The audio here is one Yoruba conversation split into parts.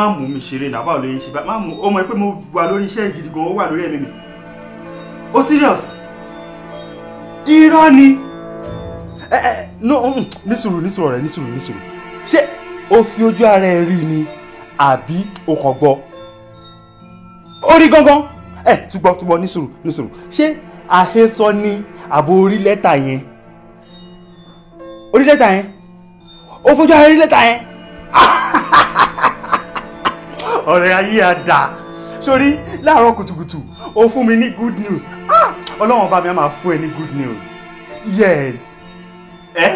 má mú mi ṣeré náà báwo ló yẹn ṣe má mú ọmọ ẹ mo wà lórí iṣẹ́ gidi gan ó wà lórí ẹ̀mí mi ó serious irọ́ ni mm, ní sùúrù ní sùúrù rẹ ní sùúrù ní sùúrù ṣé o fi ojú ara ẹ rí ni àbí o kàn gbọ́ ó rí gángan ẹ túbọ̀ túbọ̀ ní sùúrù ní sùúrù ṣé àhesọ ni àbò orí lẹ́tà yẹn orí lẹ́tà yẹn ó fojú ara rí lẹ́tà yẹn. ọ̀rẹ́ ayé da. sórí láàárọ̀ kùtùkùtù ó fún mi ní good news ah! ọlọ́run ọba mi á máa fún ẹ ní good news yes ẹ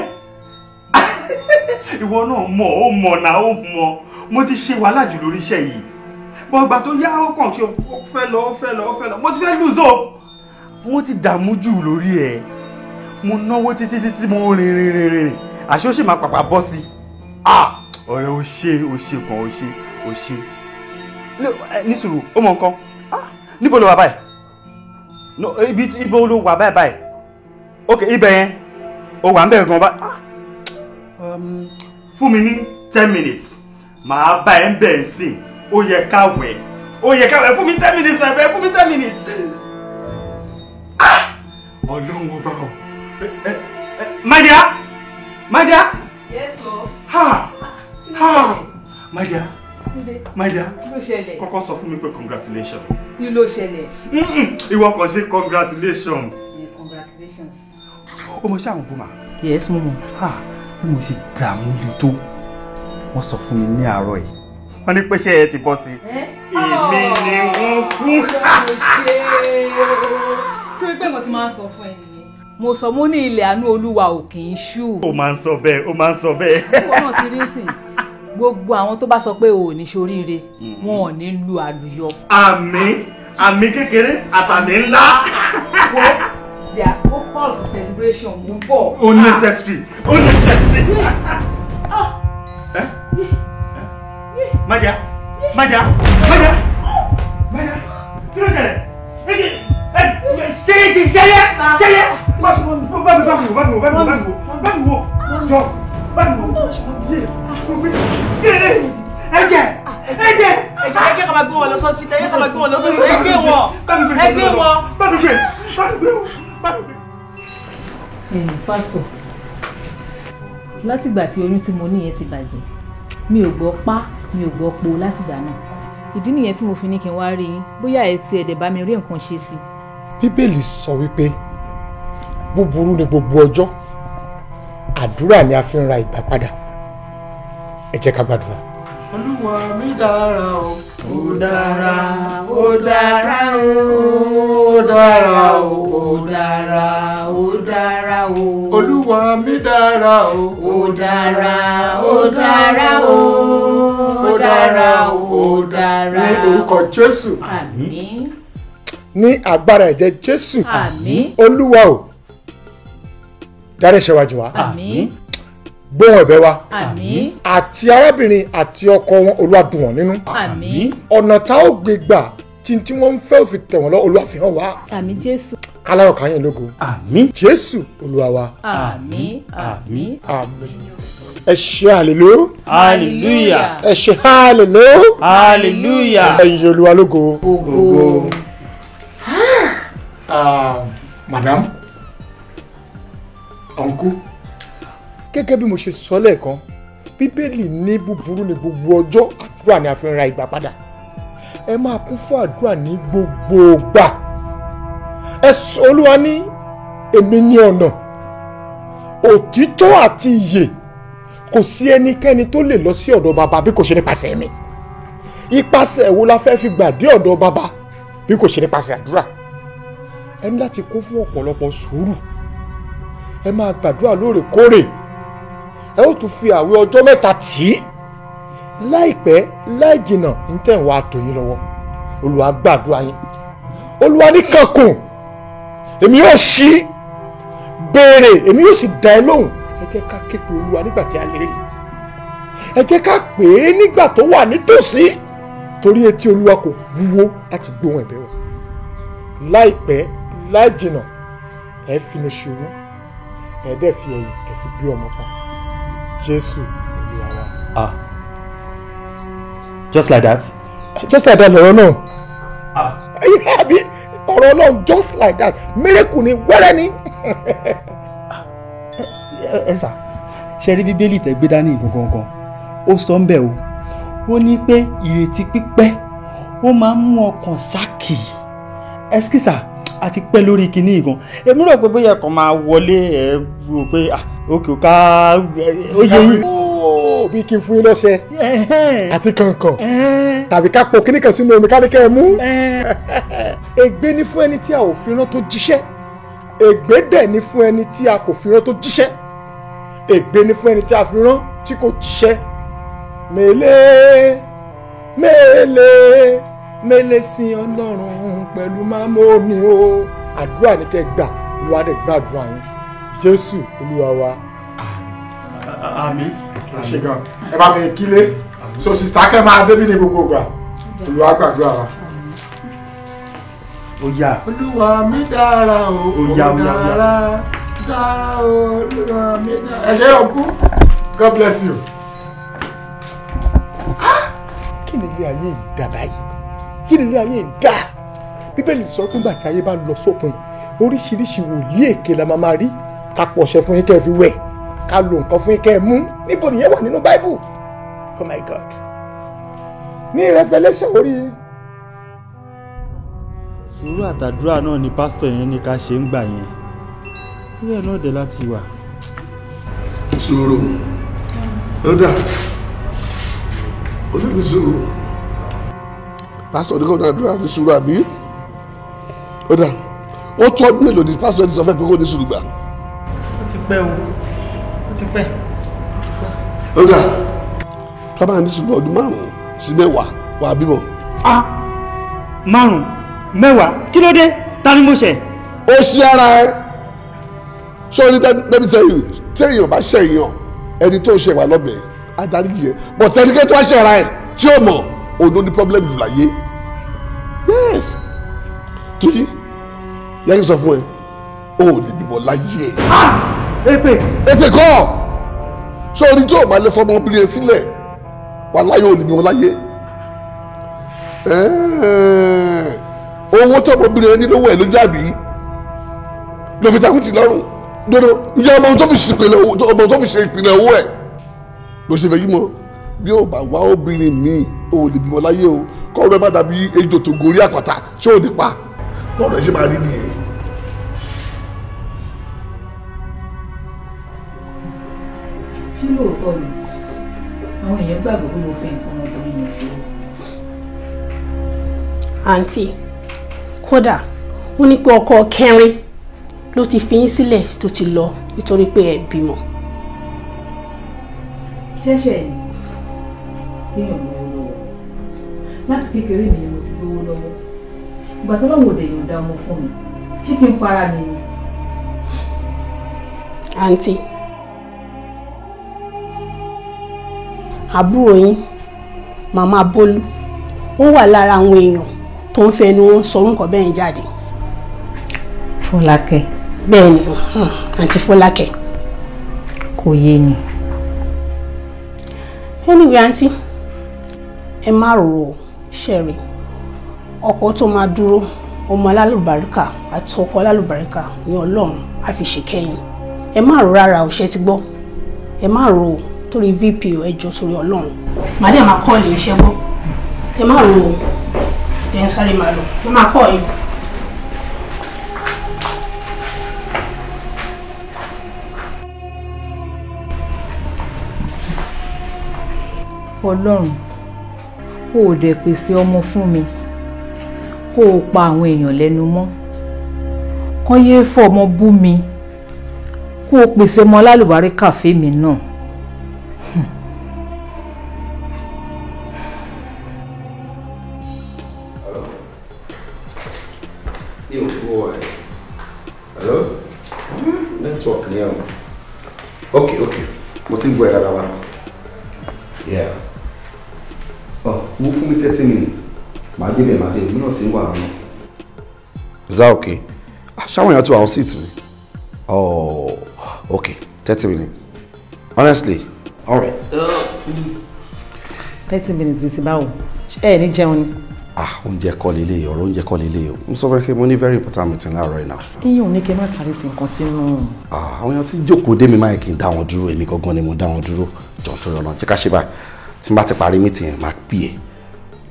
ìwọ náà mọ̀ ó mọ̀ náà ó mọ̀ mo ti ṣe wàhálà jù lórí iṣẹ́ yìí gbọ̀ngbà tó yá ó kàn ṣe ó fẹ́ lọ ó lọ ó lọ mo ti fẹ́ lose o mo ti dààmú jù lórí ẹ̀ mo náwó títí títí mo rìn rìn rìn rìn àṣé ó sì máa pàpà bọ́ sí i ah! ọ̀rẹ́ o ṣe o ṣe kan o ṣe o ṣe. Eh, ní sùúrù ó mọ nǹkan ah, níbo ló wà báyìí ibi ibo ló wà báyìí báyìí ok ibẹ̀ yẹn ó wà ń bẹ̀rẹ̀ gan báyìí ah, um, fún mi ní ten minutes màá bá ẹ ń bẹ̀ ẹ́ sìn ó yẹ ká wẹ̀ ó yẹ ká wẹ̀ fún mi ten minutes my friend fún mi ten minutes ah, ọlọ́run ọba o eh, eh, my dear yes lord. ha ha my My dear. Kí ló ṣẹlẹ̀? Kọ́kọ́ sọ fún mi pé congratulations. Kí ló ṣẹlẹ̀? Ìwọ kan ṣe congratulations. Congratulations. O mọ̀ ṣé Yes, mo Ha, Bí mo ṣe dààmú le tó, wọ́n sọ fún mi ní àárọ̀ yìí. Wọ́n ní pé ṣé ẹ ti bọ́ sí i. Èmi oh, ni wọ́n fún. Ṣé o pé nǹkan tí máa ń sọ fún ẹ nìyẹn? Mo sọ mo ní ilẹ̀ àánú Olúwa ò kì í ṣú. Ó máa ń sọ bẹ́ẹ̀, ó máa ń sọ ti rí gbogbo àwọn tó bá sọ pé o ní ṣoríire mm-hmm. wọn ò ní lu àlùyọ. àmín àmín kékeré àtàmì ńlá. their whole for celebration mo ń bọ̀. unnecessary unnecessary. májà májà májà májà kí ló ṣẹlẹ̀ ṣẹlẹ̀ ṣẹlẹ̀ ṣẹlẹ̀ bá mi bá mi wò bá mi wò bá mi wò bá mi wò jọ báwo ni mo ṣe máa bí ẹ ah, mo gbé kéde ẹ̀jẹ̀ ẹ̀jẹ̀ ẹ̀jẹ̀ ẹ jẹ́ ká máa pásítọ̀ eh, látìgbà tí oyún tí mo níyẹn ti bàjẹ́ mi ò gbọ́ pa mi ò gbọ́ po látìgbà náà ìdí nìyẹn tí mo fi ní kí n wá rí bóyá ẹ ẹ̀dẹ̀ bá mi rí nǹkan ṣe sí bíbélì sọ wípé búburú ni gbogbo ọjọ́ àdúrà ni a fi ń ra ìgbà padà ẹ jẹ́ ká gbàdúrà. olúwa mi dára o ó dára ó dára o ó dára o ó dára ó dára o. olúwa mi dára o ó dára ó dára o ó dára o ó dára. ní orúkọ jésù. àmín. ní agbára ẹ̀jẹ̀ jésù. olúwa o dáre ṣèwájú wa gbóhùn ẹ̀bẹ̀ wa àti arábìnrin àti ọkọ wọn Olúwa dùn wọ́n nínú ọ̀nà tá ó gbé gbà tí tí wọ́n ń fẹ́ òfin tẹ̀ wọ́n lọ Olúwa fi hàn wá. àmín lógo. Jésù Olúwa wa. ẹ ṣe hallelujah. hallelujah. ẹ ṣe hallelujah. hallelujah. ẹyin Olúwa lógo. ògo. Ah, madam ọ̀nkú. gẹ́gẹ́ bí mo ṣe sọ lẹ́ẹ̀kan bíbélì ní búburú ní gbogbo ọjọ́ àdúrà ni a fi ń ra ìgbà padà ẹ máa kún fún àdúrà ní gbogbo ìgbà ẹ sọ olúwa ní èmi ní ọ̀nà òtítọ́ àti ìyè kò sí ẹnikẹ́ni tó lè lọ sí ọ̀dọ̀ bàbá bí kò ṣe nípasẹ̀ mi ipasẹ̀ wo la fẹ́ fi gbà dé ọ̀dọ̀ bàbá bí kò ṣe nípasẹ̀ àdúrà ẹ ní láti kún fún ọ̀pọ̀lọpọ̀ sùúrù ẹ máa gbàdúrà lóòrèkóòrè ẹ ó tún fi àwẹ̀ ọjọ́ mẹ́ta tì í láìpẹ́ láì jìnnà ń tẹ̀ wá tò yín lọ́wọ́ olùwà gbàdúrà yín olùwà ní kankun èmi yóò ṣí béèrè èmi yóò sì dá ẹ lóhùn ẹ jẹ́ ká ké pe olúwa nígbà tí a lè rí ẹ jẹ́ ká pè é nígbà tó wà nítòsí torí etí olúwa kò wúwo láti gbóhùn ẹ̀bẹ̀ wa láìpẹ́ láì jìnnà ẹ fi ní ṣòro ẹ̀ẹ́dẹ̀ fi ẹ̀yìn ẹ̀ bí ọmọ pa jésù olúwa wa. ah just like that. just like that lọ́rọ̀ náà. ah. ẹyẹ àbí ọ̀rọ̀ náà just like that miracle ni wẹ́rẹ́ ni. Ah. ẹ sà ṣe rí bíbélì tẹ́gbé dání gangan ó sọ ń bẹ̀ o ó ní pé ìrètí pípẹ́ ó máa ń mú ọkàn sákì ẹskísà a ti pẹ́ lórí kinní ìgan èmi rò pé bóyá ẹ̀kan máa wọlé ẹ̀ rò pé òkè ah, òkà ó yẹ yín. bí kí n fún yín lọ́sẹ̀ àti kankan tàbí ká po kíní kan sínú omi ká ní kẹ́ ẹ mú. ègbé ni fún ẹni tí a ò fi tó jíṣẹ́ ègbé dẹ̀ ni fún ẹni tí a kò fi tó jíṣẹ́ ègbé ni fún ẹni tí a fi tí kò jíṣẹ́ mélé mélé mẹ́lẹ́sìn ọlọ́run pẹ̀lú mámóni o àdúrà ní kẹ́ gbà olúwa dẹ̀ gbàdúrà yín jésù olúwa wa. àmín àṣẹ gan ẹ bá mi kílé so sista kẹ́ máa débí ní gbogbo ìgbà olúwa gbàdúrà wa. Oya. olúwa mi dára o Oya dára dára o olúwa mi dára. ẹ ṣe é ọkú God bless you. Ah! kí ni ilé ayé ìdàbà yìí kí nílé ayé ń dà bíbélì sọ pé gbàtí ayé bá lọ sópin oríṣiríṣi wòlíì èké la máa máa rí ká pọ̀ṣẹ̀ fún yín kẹ́ ẹ fi wẹ̀ ká lo nǹkan fún yín kẹ́ ẹ mú níbo nìyẹn wà nínú bible oh my god ní revelation orí. sùúrù àtàdúrà náà ni pásítọ̀ yẹn ní ká ṣe ń gbà yẹn bẹ́ẹ̀ náà dé láti wà. sùúrù ó dà ó sùúrù pásítọ̀ ní kò ní àdúrà ní sùúrù àbí ó dà ó tó ọdún mélòó ní pásítọ̀ ní sọ fẹ́ pé kò ní sùúrù gbà. ó ti pẹ́ o ó ti pẹ́. ó dà tó bá ní sùúrù ọdún márùn-ún sí mẹ́wàá wà á bímọ. a márùn-ún mẹ́wàá kí ló dé ta ni mo ṣẹ̀. ó ṣe ara ẹ ṣé o ní tẹ́bi sẹ́yìn téèyàn bá ṣẹ̀yàn ẹni tó ṣẹ̀wà lọ́bẹ̀ẹ́ adarí yẹ bọ̀tẹ́ni kẹ́tọ́ ṣẹ̀ra ẹ̀ tí ó mọ̀ òun ló ní pọ́blẹ́mù láyé yes tuyi yẹ́n sọ fún ẹ o ò lè bímọ láyé ẹ. èpè. èpè kọ́ sọ́ọ́ni tí o bá lè fọmọ obìnrin sílẹ̀ wà láyé ò lè bímọ láyé owó tọmọbìnrin ẹni lówó ẹ ló jábì ló fi takùtì lọ́rùn dodo ìyá ọmọ tó fi ṣèpìlẹ̀ ọmọ tó fi ṣèpìlẹ̀ owó ẹ ló ṣe fẹ́ yí mọ́ bí o bá wá obìnrin míì o ò lè bímọ láyé o kọ́rọ̀ ẹ má dàbí ejò tó gorí àpáta tí ò ní pa lọ́dọ̀ ẹ ṣe máa rí nìyẹn. kí lóòótọ́ ni àwọn èèyàn gbàgbọ́ pé mo fẹ́ nǹkan ọmọbìnrin yẹn tó. àǹtí kódà ó ní pé ọkọ kẹrin ló ti fi yín sílẹ̀ tó ti lọ nítorí pé ẹ bímọ. ṣẹ́ṣẹ̀ ni èèyàn lọ́wọ́. láti kékeré mi ni mo ti lówó lọ́wọ́ ìgbà tó lọ́wọ́ òde ọmọ fún mi ṣé kí n para mi ni. àǹtí àbúrò yín màmá bólú ó wà lára àwọn èèyàn tó ń fẹnu wọn sọ nǹkan bẹ́ẹ̀ jáde. fọlákẹ́. bẹ́ẹ̀ ni yé ni. anyway àǹtí ẹ ṣẹ̀rì ọkọ tó máa dúró ọmọ alálùbáríkà àti ọkọ alálùbáríkà ní ọlọ́run á fi ṣèkẹ́yìn ẹ má rò rárá o ṣe ti gbọ́ ẹ má rò ó torí vp o ẹ jọ torí ọlọ́run màdé máa kọ́ lè ṣẹ́ gbọ́ ẹ má rò ó ẹ sáré máa lọ ẹ má kọ́ yìí. ọlọ́run kó o dẹ̀ pèsè ọmọ fún mi kó o pa àwọn èèyàn lẹ́nu mọ́ kán yéé fọmọ bú mi kó o pèsè ọmọ alálùbáríkà fèmí náà. Zaoki ah, ṣáwọn èèyàn ti wà on seat ni oh okay thirty minutes honestly all right. thirty minutes bí ti báwo ẹ ní jẹun ni. ah oúnjẹ kọ́ lélẹ̀ ọ̀rọ̀ oúnjẹ kọ́ lélẹ̀ o mo sọ fẹ́ kí mo ní very important meeting láàárọ̀ yìí náà. iyùn ní kí ẹ má sáré fi nǹkan sínú. ah àwọn èèyàn ti jókòó dé mi máa kí n dá wọn dúró èmi gangan ni mo dá wọn dúró jọ̀ọ́ torí ọ̀nà jẹ́ ká ṣe báyìí tí n bá ti parí meeting yẹn máa pè é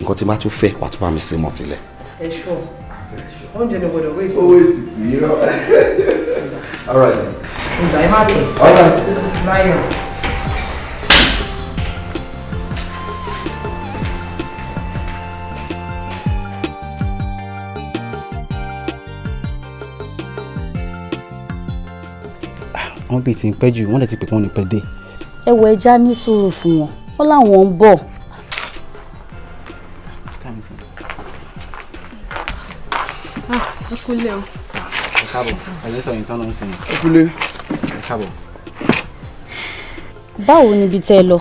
nǹkan tí n bá tún fẹ́ wàá tún bá mi sí mọ̀ tilẹ̀. ẹ ṣọ́ oúnjẹ ni gbọdọ̀ waste. ó waste tì í rọ. alright. ìgbà ẹ má bẹ̀. alright. láyọ̀. wọ́n bíi ti ń pẹ́ jù wọ́n lè ti pè kí wọ́n ní pẹ́ dé. ẹ wọ ẹja ní sùúrù fún wọn wọn láwọn ń bọ̀ kúlé o. ẹ káàbọ̀ ẹyẹ sọ yìí tán ló ń sinmi. ẹ kúlé. ẹ káàbọ̀. báwo ni tẹ́ ẹ lọ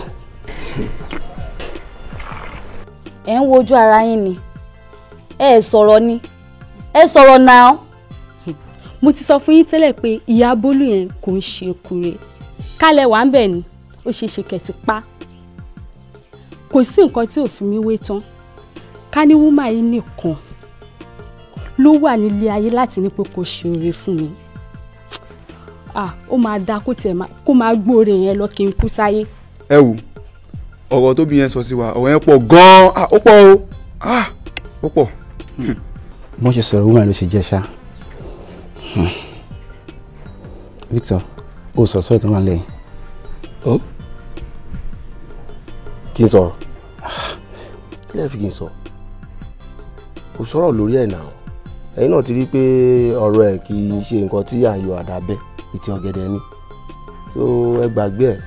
ẹ ń wojú ara yín ni ẹ sọ̀rọ̀ ni ẹ sọ̀rọ̀ náà. mo ti sọ fún yín tẹ́lẹ̀ pé ìyá bólú yẹn kò ń ṣe kure kálẹ̀ wà ń bẹ̀ ni ó ṣe ṣe kẹ̀tì pa kò sí nǹkan tí ò fi mí wé tán ká ní wúmà yìí nìkan ló wà nílé ayé láti ní pé kò ṣe fún mi ah ó máa da kó tiẹ̀ kó máa gbóore yẹn lọ kí n kú sáyé. ẹ wò ọ̀rọ̀ tóbi yẹn sọ sí wa ọ̀rọ̀ yẹn pọ̀ gan-an ah, ó pọ̀ o ah, ó pọ̀. Hmm. mo ṣe sọ̀rọ̀ woman ló ṣe jẹ́ ṣá hmm. Victor o sọ sọ́ọ̀ tó wà lẹ́yìn. kí n sọ̀rọ̀ ah. kí lẹ́ẹ̀ fi kí n sọ kò sọ̀rọ̀ lórí ẹ̀ náà ẹ̀yin náà ti rí i pé ọ̀rọ̀ ẹ̀ kì í ṣe nǹkan tí à ń yọ àdábẹ́ ìtì ọ̀gẹ̀dẹ̀ ni so ẹ gbàgbé ẹ̀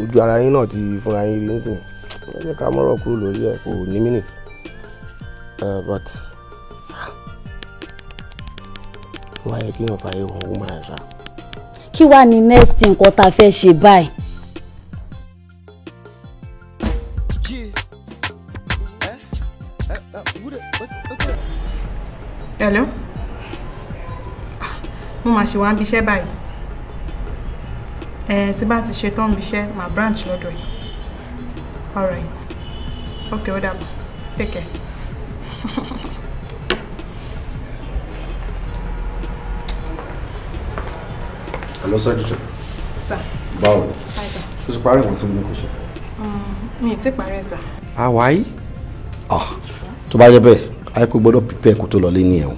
ojú ara yín náà ti fúnra yín rí nísìn ẹ jẹ́ ká mọ́rọ̀ kúrò lórí ẹ̀ kò ní mínì but wọ́n á yẹ kí èèyàn fààyè wọ̀n ó máa ṣá. kí wàá ní next nǹkan tá a fẹ́ ṣe báyìí máa ṣe wá ń bíṣẹ́ báyìí ẹ tí bá ti ṣe tán bíṣẹ́ máa branch lọ́dọ̀ yìí all right okay ó dàbọ̀ take care. Hello, sir. Sir. Báwo. Hi, sir. Ṣé o ti parí ìwọ̀n tí mo ní kò ṣe? Um, mi ì tí parí ẹ̀ sà. Àwáyé? Ah, ah, tó bá yẹ bẹ́ẹ̀, àyẹ̀kọ́ gbọ́dọ̀ pípẹ́ kó tó lọ lé ní ẹ̀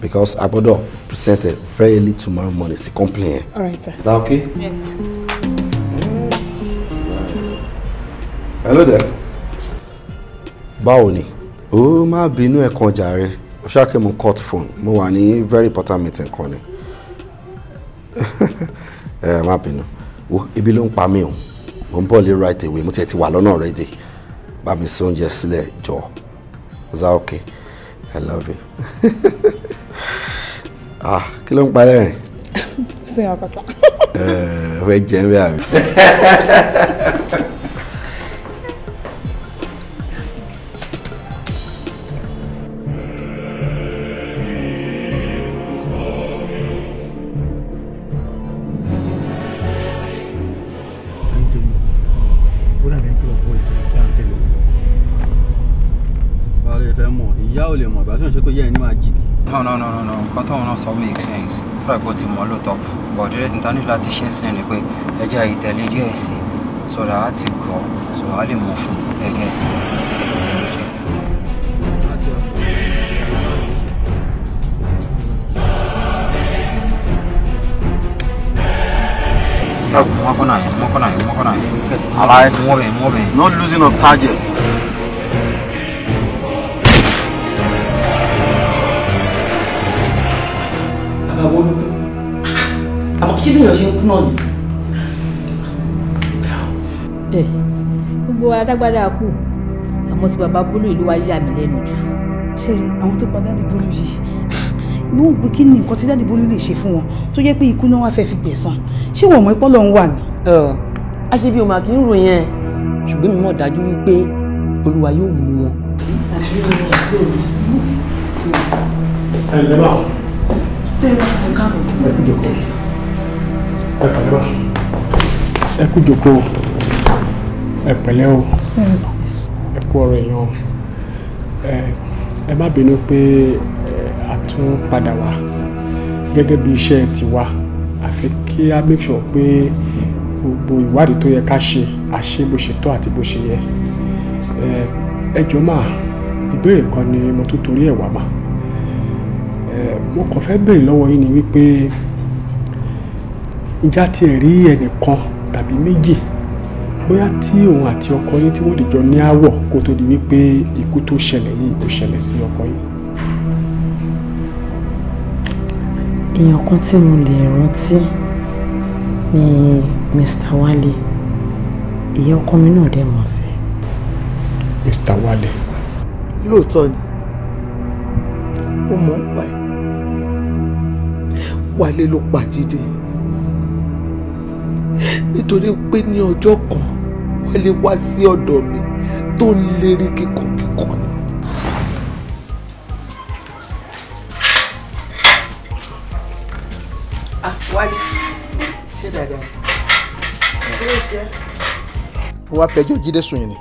Because a gbọ́dọ̀ present very early tomorrow morning sí complain all right sir. is that okay. yes sir. hello there. báwo Oh, ó binu bínú ẹ̀ kan jàre ó ṣáàkì mo cut phone mo wà ní very important meeting kan ni ẹ eh, má bínú wo ibi ló ń pa o mo ń bọ̀ lé right away mo tiẹ̀ ti wà lọ́nà already bá mi sóúnjẹ sílẹ̀ jọ is that okay i love you. ah kí ló ń parẹ́ rìn. sin ọkọ sá. ẹ ẹ eh, fẹ́ jẹun bí i àmì. tóun náà sọ make sense lọ́dọ̀ pé ó ti mọ̀ lóòótọ́ but the rest internet láti ṣe sí ni pé ẹjẹ́ ìtẹ̀lé díẹ̀ sí sọ̀rọ̀ á ti gbọ́ sọ̀rọ̀ á lè mọ̀ fún ẹgbẹ́ ti Mọ́kànlá yẹn, mọ́kànlá yẹn, mọ́kànlá yẹn. Àlàyé. Mọ́bẹ̀, mọ́bẹ̀. No losing of target. àbọ̀ olóògbé àmọ́ ṣé bíyàn ṣe ń kú náà ni. ẹ gbogbo adágbádá kù àmọ́ sí bàbá bólú ìlú wa yà mí lẹ́nu jù. ṣeré àwọn tó pa dáàdì bólú yìí mo ń gbé kí ni nǹkan tí dáàdì bólú lè ṣe fún wọn tó jẹ́ pé ikú náà wá fẹ́ fi gbẹ̀san ṣé wọ́n mọ̀ ẹ́ pọ́lọ́ ń wà ni. a ṣe bí o màá kí ń ròyìn ẹ ṣùgbọ́n mi mọ̀ dájú wípé olúwa yóò mú wọn. ẹ ǹdẹ́ báwo ẹ pẹ̀lẹ́ wa ẹ kú jókòó ẹ pẹ̀lẹ́ o ẹ kú ọ̀rọ̀ èèyàn ẹ má bínú pé a tún padà wá gẹ́gẹ́ bí iṣẹ́ tiwa àfi kí a make sure pé gbogbo ìwádìí tó yẹ ká ṣe àṣe bó ṣe tọ́ àti bó ṣe yẹ ẹ jọ̀ọ́ mà ìbéèrè kan ni mo tún torí ẹ̀ wá mà mo kàn fẹ́ béèrè lọ́wọ́ yín ni wípé ìjà ti rí ẹnìkan tàbí méjì bóyá tí òun àti ọkọ yín tí wọ́n dìjọ ní àwọ̀ kó tó di wípé ikú tó ṣẹlẹ̀ yìí ó ṣẹlẹ̀ sí ọkọ yín. èèyàn kan tí mo lè rántí ni Mr. Wale ìyá ọkọ mi náà dẹ̀ mọ̀ sí. Mr. Wale. lóòótọ́ ni ó mọ̀ ń pa ẹ̀ wálé ló pa Jídé nítorí pé ní ọjọ́ kan wálé wá sí ọ̀dọ̀ mi tó ń lérí kíkan kíkan ni. wálé ṣé dáadáa kí ló ṣe. wọ́n á fẹjọ́ Jídé sùn yìí ni.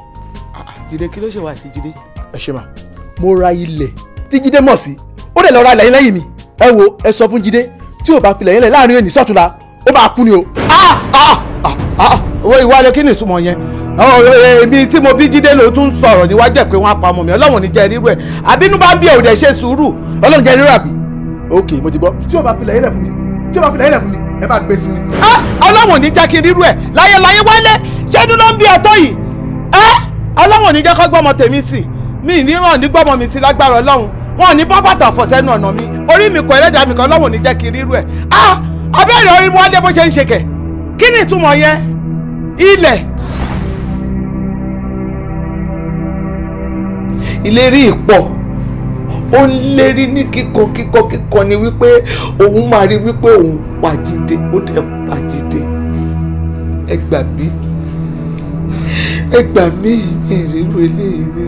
Jídé kí ló ṣe wá sí Jídé. ẹ ṣe mà mo ra ilẹ̀ tí Jídé mọ̀ sí ó dẹ̀ lọ ra ilẹ̀ yín lẹ́yìn mi ẹ wo ẹ sọ fún Jídé tí o bá filẹ̀ yẹn lẹ̀ láàrin èyí sọ́túnla ó máa kú ni o. Ah! Ah! Ah! ìwà rẹ kí ni ìtumọ̀ yẹn oh, eh, èmi tí mo bí jíde ló tún sọ̀rọ̀ níwájú ẹ̀ pé wọ́n á pa ọmọ mi ọlọ́run ní jẹ́ rírú ẹ̀ àbínú bá ń bí òde ṣe sùúrù ọlọ́run jẹ́ rírú àbí. ok mo ti gbọ́ tí o bá filẹ̀ yẹn lẹ̀ fún mi tí o bá filẹ̀ yẹn lẹ̀ fún mi ẹ bá gbé sí ni. ọlọ́run ní jẹ́ kí n rírú ẹ̀ láyé láyé wálé ṣẹ́dún ló ń bí ẹ̀tọ́ yìí eh? ọlọ́run ní jẹ́ kó gbọ́mọ tèmi sí mi ní hàn ní gbọ́mọ mi sí lágbára ọlọ́run wọn ò ní bọ́ bàtà fọ̀sẹ́nu ọ̀nà mi orí mi kọ ẹlẹ́dàá mi kan lọ́wọ́ ní jẹ́ kí n rírú ẹ̀ ah abẹ́rẹ́ orí wọlé bó ṣe ń ṣe kẹ̀ kí ni ìtumọ̀ yẹn ilẹ̀. ìlérí ìpọ̀ ó ń lérí ní kíkan kíkan kíkan ni wípé òun máa rí wípé òun pàjídé ó dẹ̀ pàjídé ẹ gbà mí ẹ gbà mí ìrírú eléyìí.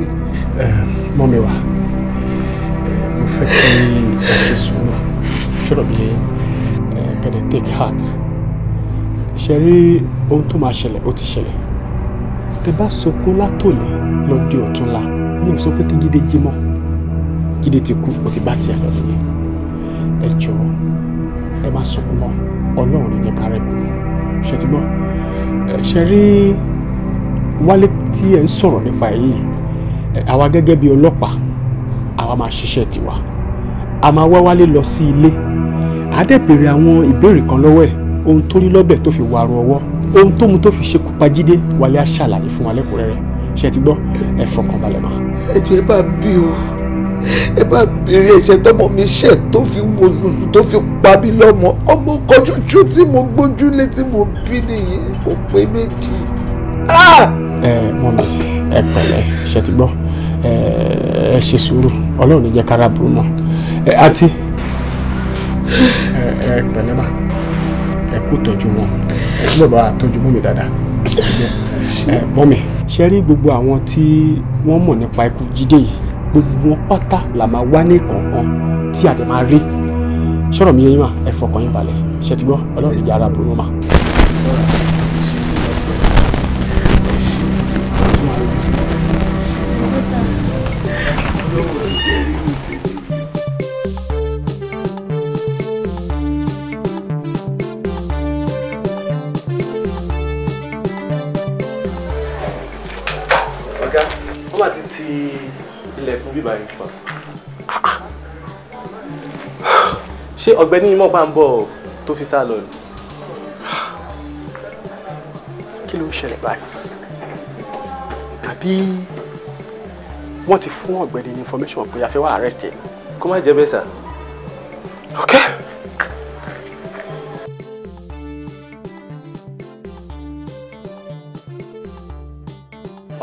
mọ́mi wá. fẹ́ kí ẹ̀ṣẹ̀ sùúrù ṣọ́rọ̀ mi kẹ́lẹ̀ take heart ṣe rí ohun tó máa ṣẹlẹ̀ ó ti ṣẹlẹ̀ tẹ bá sunkún látòlè lọ di ọ̀túnla mi ò sọ pé kí Jídé jí mọ́ Jídé ti kú ó ti bá tiẹ̀ lọ nìyẹn ẹ jọ̀ọ́ ẹ má sunkún mọ́ Ọlọ́run ní ká rẹ̀kùn ṣe ti gbọ́ ṣe rí Wálé tí ẹ ń sọ̀rọ̀ nípa èyí àwa gẹ́gẹ́ bí ọlọ́pàá àwa máa ṣiṣẹ́ tiwa a máa wá wálé lọ sí ilé àádẹ́bẹ̀rẹ̀ àwọn ìbéèrè kan lọ́wọ́ ẹ̀ ohun tó rí lọ́bẹ̀ tó fi wàrú ọwọ́ ohun tó mu tó fi ṣekú pa Jídé Wálé á ṣàlàyé fún wa lẹ́kùnrẹ́rẹ́ ṣe ti gbọ́ ẹ fọkàn balẹ̀ mọ́. ẹjọ́ ẹ bá bí o ẹ bá béèrè ẹ̀ṣẹ̀ tọmọ mi ṣẹ̀ tó fi wo zùzù tó fi pa mí lọ́mọ ọmọ kan tí mo gbójú lé tí mo bí nìyí kò pé méjì. Ah! ẹ mọ mi ẹ pẹ̀lẹ́ ṣe ti gbọ́ ẹ ṣe sùúrù ọlọ́run ní jẹ́ kára burú mọ́ ẹ àti ẹ ẹ pẹ̀lẹ́ mà ẹ kú tọ́jú wọn ẹ kú bàbá tọ́jú mọ́ mi dáadáa ẹ bọ́ mi. ṣe rí gbogbo àwọn tí wọ́n mọ̀ nípa ikú jíde yìí gbogbo wọn pátá là máa wá ní kọ̀ọ̀kan tí a dẹ̀ máa rí sọ̀rọ̀ mi yẹn mà ẹ fọkàn yín balẹ̀ ṣe ti gbọ́ ọlọ́run jẹ́ ara burú mọ́ ṣé ọ̀gbẹ́ni imọ̀ bá ń bọ̀ tó fi sá lọ ni. kí ló ń ṣẹlẹ̀ báyìí àbí wọ́n ti fún ọ̀gbẹ́ni ní information pé a fẹ́ wá arrest ẹ̀. kó má jẹ́ bẹ́ẹ̀ sà. okay.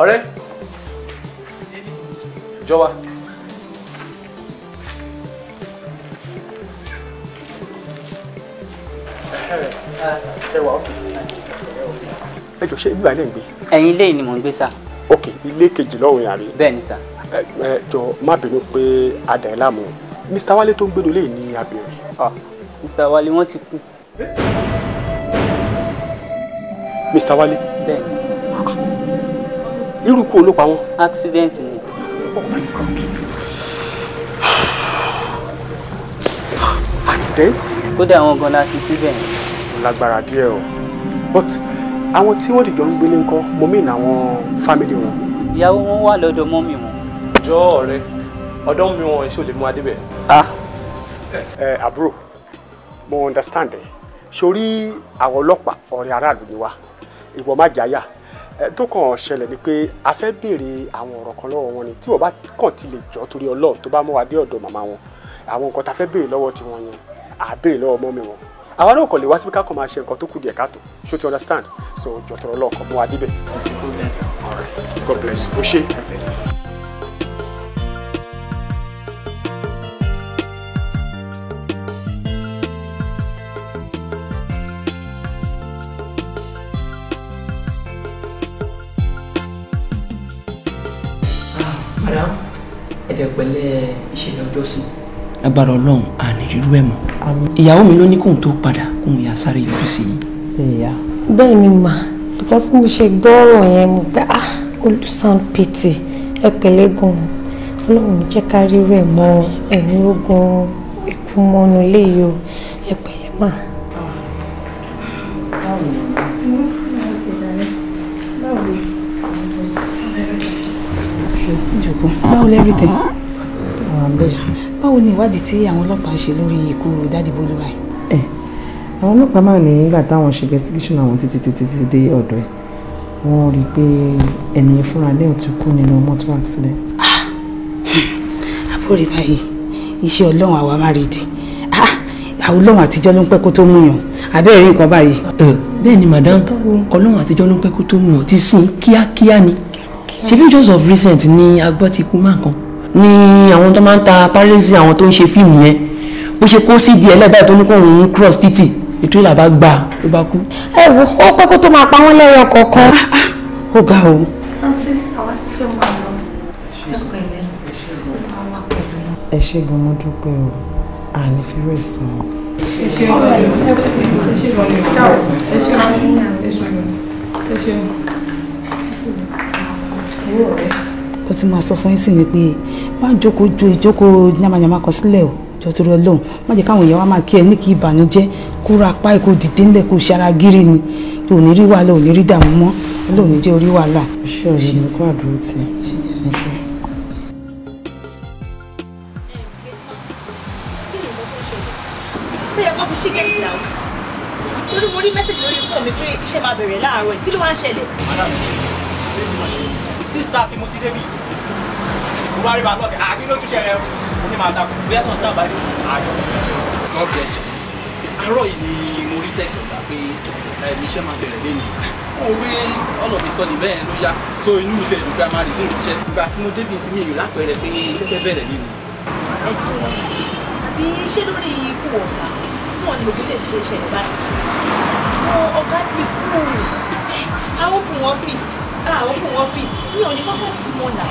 ọ̀rẹ́ jọ̀wọ́. ṣe wà ókè. ẹ jọ ṣe ibi báyìí lè gbé. ẹ̀yin ilé ni mò ń gbé sá. ok ilé kejì lọ́hùn yàrá yìí. bẹ́ẹ̀ ni sá. ẹ jọ má bínú pé a dà ẹ́ láàmú Mr. Wálé tó ń gbé lólè ní abẹ́rẹ́. Mr. Wálé wọ́n ti kú. Mr. Wálé. bẹ́ẹ̀ ni. irú kú olópa wọn. accident ni. oh my god. accident. kódà àwọn gan la ṣe síbẹ̀ yẹn lágbára díẹ̀ o but àwọn tí wọ́n dìjọ ń gbélé ńkọ́ mo mí ní àwọn fámìlì wọn. ìyàwó wọn wà lọ́dọ̀ mọ́mì wọn. jọ ọ̀rẹ́ ọ̀dọ̀ mi wọn èso lè mú adébẹ̀. ah ẹ ẹ àbúrò mo understand ẹ sórí àwọn ọlọ́pàá ọ̀rẹ́ aráàlú ni wa ìwọ má jáyà tó kàn ṣẹlẹ̀ ni pé a fẹ́ béèrè àwọn ọ̀rọ̀ kan lọ́wọ́ wọn ni tí wọ́n bá kàn ti lè jọ́ torí ọlọ́ọ̀ tó bá mú wa dé ọ̀dọ̀ màmá wọn àwọn nǹkan ta fẹ́ béèrè lọ́wọ́ tiwọn yẹn à béèrè lọ́wọ́ mọ́mì wọn àwa náà kò lè wá síbi ká kàn máa ṣe nǹkan tó kù díẹ̀ káàtó ṣó ti understand so jọ̀tọ̀rọ̀ lọ́ọ̀kan mú wa débẹ̀. God bless you. o ṣe. Ah, madam ẹ̀dẹ̀ pẹ̀lẹ́ ìṣẹ̀lẹ̀ ọjọ́ sí agbára ọlọ́run ànírírú ẹ̀ mọ́ ìyàwó mi ló ní kóun tó padà kóun yà sáré yọjú sí i. bẹ́ẹ̀ ni mà because mo ṣe gbọ́ ọ̀rọ̀ yẹn mo gbà á ah, olùsànpètè ẹ pẹ̀lẹ́ gan ọlọ́run mi jẹ́ ká rírú ẹ̀ mọ́ ẹ̀mí ogun ikú mọ́nu léyìí o ẹ pẹ̀lẹ́ mà. báwo lẹ́rìí tẹ̀ báwo ni ìwádìí tí àwọn ọlọ́pàá ṣe lórí ikú dáàdì Bólúwa yìí. ẹ àwọn ọlọ́pàá máa ní nígbà táwọn ṣe investigation àwọn títí títí títí dé ọ̀dọ̀ ẹ̀ wọ́n rí i pé ẹni fúnra lẹ́yìn tó kú nínú mọ́tò accident. Ah! àbúrò báyìí iṣẹ́ ọlọ́run àwa máa rí di ah! ọlọ́run àtijọ́ ló ń pẹ́ kó tó mú yàn abẹ́rẹ́ nǹkan báyìí. bẹ́ẹ̀ ni madam ọlọ́run àtijọ́ ló ń pẹ́ kó tó mú yàn ti sin kíákíá ni ṣebí just of recent ni a gbọ́ ti kú máa kan ni àwọn tó máa ń ta párẹ́sì àwọn tó ń ṣe fíìmù yẹn bó ṣe kó sí díẹ̀ lẹ́bàá tó ní kó òun cross títì ètò ìlà bá gbà ló bá kú. ẹ wò ó pẹ́ kó tó máa pa wọ́n lẹ́yọ kọ̀ọ̀kan. ó ga o. àǹtí àwa ti fẹ́ máa lọ ẹ̀kọ́ ẹ̀yẹ máa wà pẹ̀lú yín. ẹ ṣe gan mo dúpẹ́ o àní fi rẹ̀ sàn. ẹ ṣe gan ẹ ṣe gan ẹ ṣe gan ẹ ṣe gan ẹ ṣe gan ó ti máa sọ fún yín sì ni pé má jókòó ju ìjókòó yamayama kan sílẹ̀ o jọtọrọ Ọlọ́run má jẹ́ káwọn èèyàn wa máa kí ẹ ní kí ìbànújẹ́ kó ra apá ìkó dìde ńlẹ̀ kó ṣara gírí ni ò ní rí wàhálà ò ní rí dààmú mọ́ Ọlọ́run jẹ́ orí wàhálà. ṣé o ṣe ní kó àdúró tì í ṣe. bẹ́ẹ̀ wọ́n fi ṣí gẹ̀ẹ́sì náà lórí mo rí mẹ́sẹ̀gì lórí fóònù mi pé iṣẹ́ máa bẹ̀rẹ̀ láàárọ̀ kí ló wá ń ṣẹlẹ̀. sísá tí mo ti débi mo bá rí bàtọ́ kẹ àbí ló túnṣe rẹ o ní màá takò bóyá tó ń sábà ní àjọ. God bless you àárọ̀ yìí ni mo rí text ọ̀gá pé ẹ̀mí eh, iṣẹ́ máa bẹ̀rẹ̀ all of a sudden bẹ́ẹ̀ ló yá so inú mi tẹ̀lé pé a máa resume iṣẹ́ ìgbà tí mo débi ti mi ìrìn àpẹẹrẹ pé iṣẹ́ fẹ́ bẹ̀rẹ̀ lẹ́nu. àbí iṣẹ́ lórí ikú ọ̀gá wọn ni òbí lè ṣe iṣẹ́ báyìí ọ̀gá ti kú àwọn òkùn ọ́fíìsì àwọn òkùn ọ́fíìsì mi ò ní kọ́kọ́ jí mọ́ náà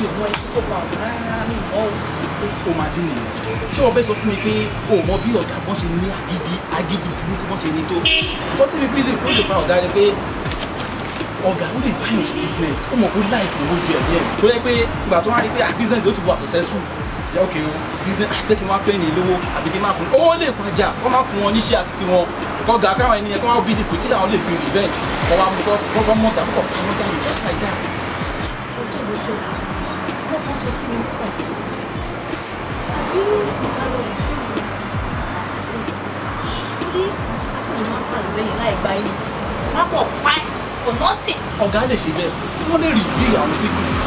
mi ìmọ̀ ẹni tó pa ọ̀gá rárá mi ìmọ̀ pé o máa dín nìyẹn ṣé wọ́n fẹ́ sọ fún mi pé o mọ bí ọ̀gá bọ́n ṣe ní agídí agídí burúkú bọ́n ṣe ní tó bọ́n tí mi bí lè kó lè pa ọ̀gá ni pé ọ̀gá ó lè bá yàn ṣe business ó mọ̀ kó láìpẹ́ owó ju ẹ̀mí ẹ̀ tó yẹ pé ìgbà tó wá rí pé ah, business yóò ti wà successful jẹ́ òkè o business àtẹ́kì ah, wá fẹ́ ní lówó àbí kí n máa fún owó lè fàjà wọ́n máa fún wọn níṣẹ́ àti tiwọn kọ́gà káwọn ènìyàn kọ́ bí dìpò kí làwọn lè fi revenge kọ́ wa mú kọ́ kọ́ mọ́ta kọ́ kọ́ mọ́ta just like that wọ́n sọ sí mi fún ẹ̀sìn àbí ìparọ̀ ẹ̀fọ́ àṣìṣe torí àṣìṣe ni wọ́n pàrọ̀ lẹ́yìn láì gba ẹni tí wọ́n kọ̀ pa ẹ̀ for nothing. ọ̀gá lè ṣe bẹ́ẹ̀ wọ́n lè rí bí àwọn secret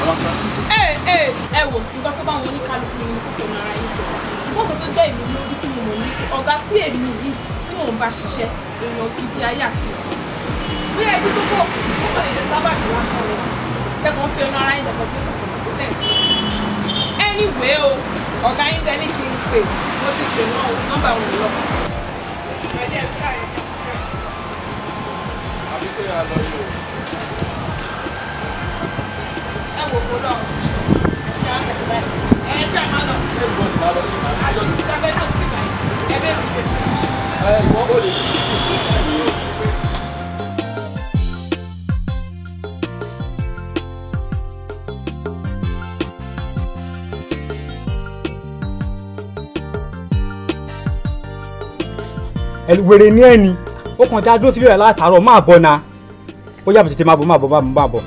àwọn assassin. ẹ ẹ ẹ wo nǹkan tó bá wọn oníkálukú ni kò fẹ́ nara yín sọ ṣùgbọ́n kò tó dẹ́ ìlú lórí tí mo ní ọ̀gá tí èmi yìí tí mò ń bá ṣiṣẹ́ èèyàn gidi ayé àti ọ̀gá bí ẹni tó kọ̀ ó kàn lè sábà kí wọ́n sọ̀rọ̀ kẹ́kọ̀ọ́ fi ọ̀nà ara ìdàgbàsókè business anyway o ọ̀gá yín dání kí n pè mo ti pè náà nọ́mbà wọn lọ. ẹ wò ó lọ ẹ jẹ́ àmọ́ lọ. ẹ jọ ìgbà lọ ní ìgbà tí ó lọ. àti ìjọba ẹ̀ náà sì báyìí ẹ bẹ́ẹ̀ fi pè. ẹ ìwọ́n ò lè yí sí ìṣẹ́ ìyẹn. wèrè ní ẹni ó kàn já dúró síbí rẹ̀ látàárọ̀ máa bọ̀ na ó yàgò tètè máa bọ̀ máa bọ̀ máa bọ̀ máa bọ̀.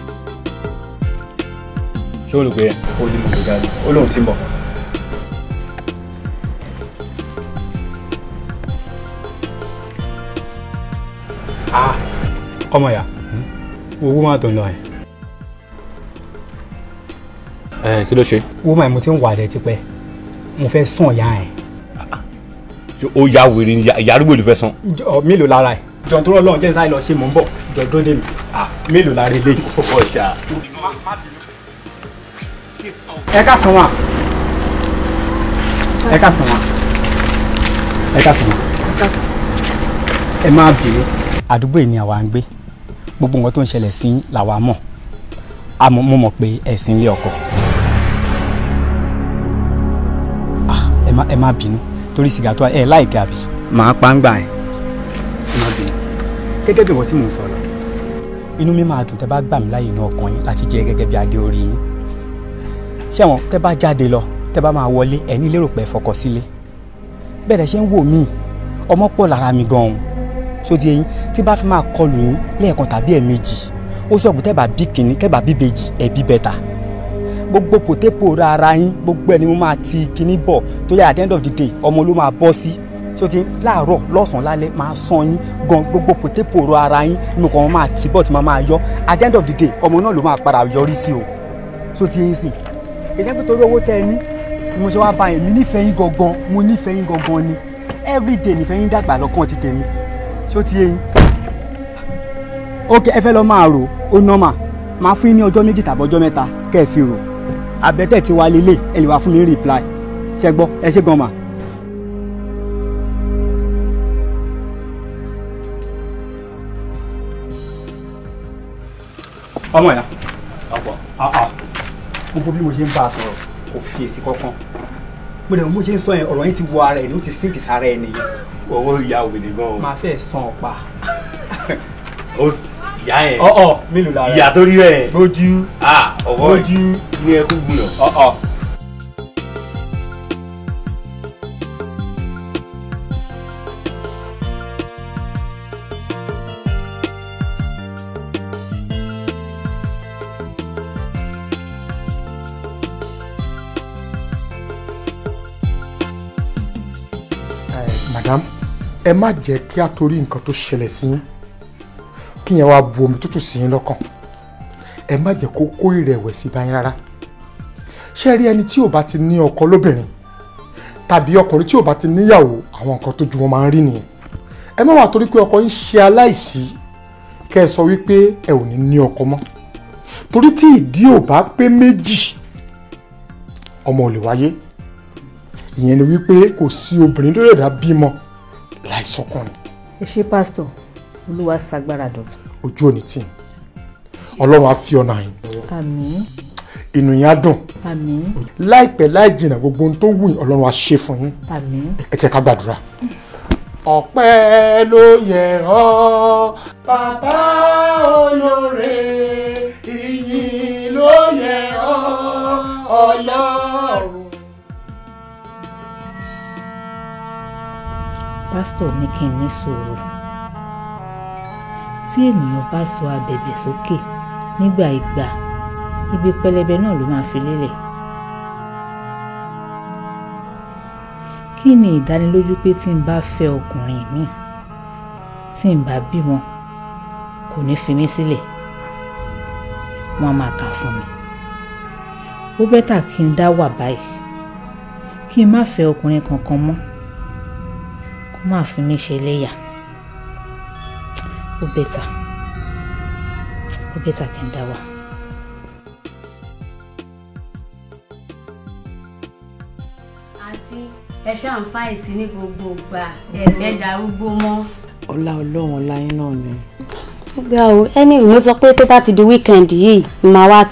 ṣé olùgbé yẹn ó di mọ̀tò jáde ó lóun ti ń bọ̀. Ah, ọmọ ìyá owó máa tó ń lọ yẹn eh, kí ló ṣe. wúmọ̀ ẹ̀ mo ti ń wà lẹ́ tipẹ́ mo fẹ́ sàn ya ẹ̀ ó ya wèrè ni ìyá arúgbó ló fẹ́ san. mélòó lára ẹ̀ jọ̀ọ́ tó rọ́ọ̀lọ́run jẹ́ sáyé lọ ṣe mò ń bọ̀ jọ̀ọ́ dúró mi mélòó lára ilé yìí. ọ̀pọ̀ ìṣá. ẹ ká san wa ẹ ká san wa ẹ ká san wa ẹ máa bèrè àdúgbò yìí ni àwa ń gbé gbogbo nǹkan tó ń ṣẹlẹ̀ sí làwa mọ̀ àmọ́ mo mọ̀ pé ẹ̀sìn ilé ọkọ̀ ẹ má bínú torí sìgá tó ẹ láì ga bi. màá pa ń gbà ẹ. má bẹ gẹ́gẹ́ bí wọ́n tí mò ń sọ̀rọ̀ inú mi máa dùn tẹ́ bá gbà mí láàyè inú ọkàn yín láti jẹ́ gẹ́gẹ́ bí adé orí yín ṣẹ̀wọ̀n tẹ́ bá jáde lọ tẹ́ bá máa wọlé ẹ̀ní lérò pé fọkọ sílé bẹ́ẹ̀ ṣe ń wò mí ọmọ pọ̀ lára mi gan-an tó di eyín tí bá fi máa kọlù yín lẹ́ẹ̀kan tàbí ẹ̀ẹ̀mejì ó ṣọ̀gbù tẹ́ bá bí kìnní tẹ́ bá bí bèjì ẹ̀ bí bẹ́ta gbogbo pòtépò rárá yín gbogbo ẹ mo máa ti kíní bọ̀ tó yà at the end of the day ọmọ ló máa bọ́ sí tí o ti láàárọ̀ lọ́sàn-án lálẹ́ máa sàn yín gan gbogbo pòtépò rárá yín ni mo kàn máa tì bọ̀ tí mo máa yọ at the end of the day ọmọ náà ló máa padà yọrí sí o tí o ti ń sìn ìṣẹ́ pé torí owó tẹ́ ẹ ní mo ṣe wá bá yẹn mi nífẹ̀ẹ́ yín gangan mo nífẹ̀ẹ́ yín gangan ni everyday nífẹ̀ẹ́ yín dàgbà lọ́kàn ti tèmi ṣó ti yé yín ok ẹ fẹ́ lọ máa rò ó nọ́mà máa fún yín ní ọjọ́ méjì tàbí ọjọ́ mẹ́ta kẹ́ ẹ fi rò àbẹ̀tẹ̀ ti wá lélẹ̀ ẹ lè wá fún mi reply ṣe gbọ́ ẹ ṣe gan ma. ọmọ ya ọ̀pọ̀ gbogbo bí mo ṣe ń bá a sọ̀rọ̀ kò fi èsì kankan mo dẹ̀ mo ṣe ń sọ yẹn ọ̀rọ̀ yẹn ti wọ ara ẹ̀ ló ti sínkì sára ẹ̀ nìyẹn. owó ìyá òbèdè gan o. máa fẹ́ san ọ̀pá. ìyá ẹ̀ mélòó lára ẹ̀ ìyá tó rí rẹ̀ lójú. ah ojú ní ẹkún gbúnà. Eh, madam ẹ má jẹ́ kí a torí nǹkan tó ṣẹlẹ̀ sí yín kí yẹn wá bu omi tútù sí yín lọ́kàn ẹ má jẹ́ kó kó ìrẹ̀wẹ̀sì bá yín rárá ṣé rí ẹni tí ò bá ti ní ọkọ lóbìnrin tàbí ọkùnrin tí ò bá ti níyàwó àwọn nǹkan tó ju wọn máa ń rí nìyẹn ẹ má wà torí pé ọkọ yín ṣe aláìsí kẹ́ ẹ sọ wípé ẹ ò ní ní ọkọ mọ́ torí tí ìdí ò bá pé méjì ọmọ ò lè wáyé ìyẹn ni wípé kò sí obìnrin tó lè bímọ láìsọkùnrin. ẹ ṣe pásítọ̀ olúwa ṣàgbára dọ̀tun. ojú ò ní tì í ọlọ́run á fi ọ̀nà yín. àmín. inú yín á dùn. àmín. láìpẹ́ láì jìnnà gbogbo ohun tó wù yín ọlọ́run á ṣe fún yín. àmín. ẹ tẹ ká gbàdúrà. ọpẹ́ ló yẹ ọ́ bàbá olóore ìyìn ló yẹ ọ́ ọlọ́run. pásítọ̀ ní kí n ní sùúrù tí ènìyàn bá sọ abẹ̀bẹ̀ sókè. So nígbà ìgbà ibi pẹlẹbẹ náà ló máa fi lélẹ̀. kí ni ìdánilójú pé tí n bá fẹ́ ọkùnrin mi tí n bá bímọ kò ní fi mí sílẹ̀ wọ́n á máa kà fún mi ó bẹ́tà kí n dá wà báyìí kí n má fẹ́ ọkùnrin kankan mọ́ kó má fi mí ṣe léyà ó bẹ́tà ó bẹ́tà kí n dá wà. àǹtí ẹ ṣáà ń fáyìn sí ní gbogbo ìgbà ẹ̀fẹ́ darúgbó mọ́. ọlá ọlọ́run ọlá yín náà ni. ọgá o ẹni ìwé sọ pé ti di weekend yìí màá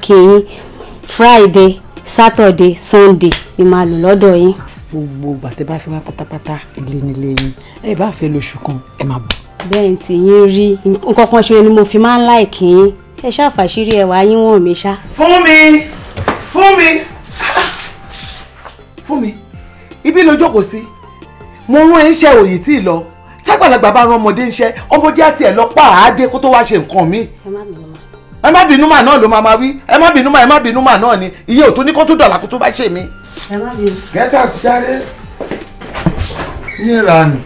friday saturday sunday ni màá lò lọ́dọ̀ yín gbogbo ìgbà tẹ bá fi wá pátápátá ilé nílé yín ẹ bá fẹ́ lóṣù kan ẹ máa bọ̀. bẹ́ẹ̀ tí yín rí nǹkan kan ṣe ni mo fi máa ń láìkí ẹ ṣàfàṣírí ẹwà yín wọ̀n mi ṣá. fún mi fún mi fún mi ibi ló jókòó sí mo rán iṣẹ́ òyì tí ì lọ tágbàlagbà bá rán ọmọdé iṣẹ́ ọmọdé àti ẹ̀ lọ pa àádé kó tó wá ṣe nǹkan mi. ẹ má bínú mà ẹ má bínú mà náà ló máa máa wí ẹ má bínú mà ẹ má bínú mà náà ni iye òtún ní kó tún dọ̀là kó tó bá ṣe mí. ẹ má bínú. get out sáré ní ìranù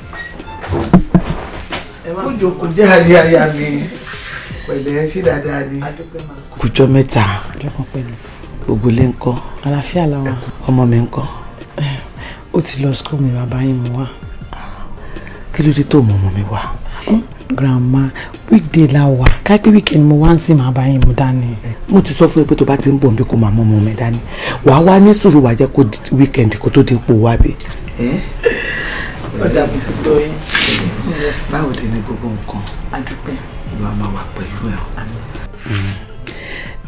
kó jókòó jẹ́ àríyá mi pẹ̀lẹ́ ẹ ṣe dáadáa ni. kùjọ mẹ́ta gbogbo ilé ńkọ́. àlàáfíà làwọn. ọmọ mi ńkọ́. ó ti lọ skul mi bàbá yín mú wa. kí ló dé tó mú ọmọ mi wá. Hmm? grandma weekday la wà kápẹ́ weekend mo wá ń sìn màá bá yín mú dání. mo ti sọ fún ẹ pé tó bá ti ń bọ̀ nbí kó máa mú ọmọ mi dání wàá wá ní sùúrù wàá jẹ́ kó weekend kó tó dé ipò wá bí. ọ̀dà mi ti gbọ́ yín. báwo dé ni gbogbo nǹkan. a Olúwa máa wà pẹ̀lú ẹ̀.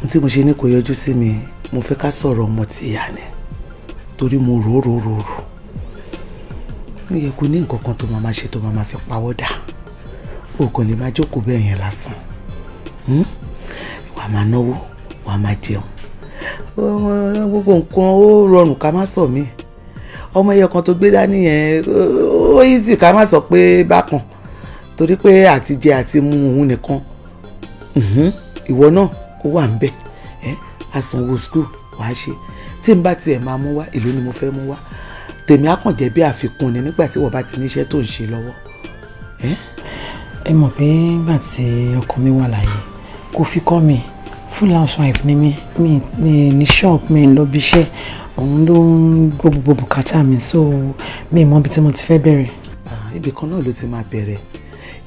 n tí mo ṣe ní kò yọjú sí mi mo fẹ́ ká sọ̀rọ̀ ọmọ tí ìyá ni torí mo rò rò rò rò ó yẹ kó ní nǹkan kan tó máa máa ṣe tó máa máa fi pawọ́ dà o kò lè máa jókòó bẹ́ẹ̀ yẹn lásán hmm? wà á máa náwó wà á máa jẹun gbogbo nǹkan ó rọrùn ká má sọ mí ọmọ ẹyọ kan tó gbé dání yẹn ó easy ká má sọ pé bákan torí pé àtijẹ àti mu òun nìkan ìwọ náà ó wà ń bẹ àsanwó skul wàá ṣe tí n bá tiẹ̀ máa mú wá ìlú ni mo fẹ́ mú wá tèmi á kàn jẹ́ bí àfikún ni nígbà tí wọ́n bá ti níṣẹ́ tó ń ṣe lọ́wọ́. ẹ mọ̀ pé nígbà tí ọkọ mi wà láàyè kò fi kọ́ mi full housewife ni mi mi ní shop mi lọ bí iṣẹ́ òun ló ń gbọ́ gbogbo bùkátà mi so mi mọ ibi tí mo ti fẹ́ bẹ̀rẹ̀. Ah, ibì kan náà ló ti máa bẹ̀rẹ̀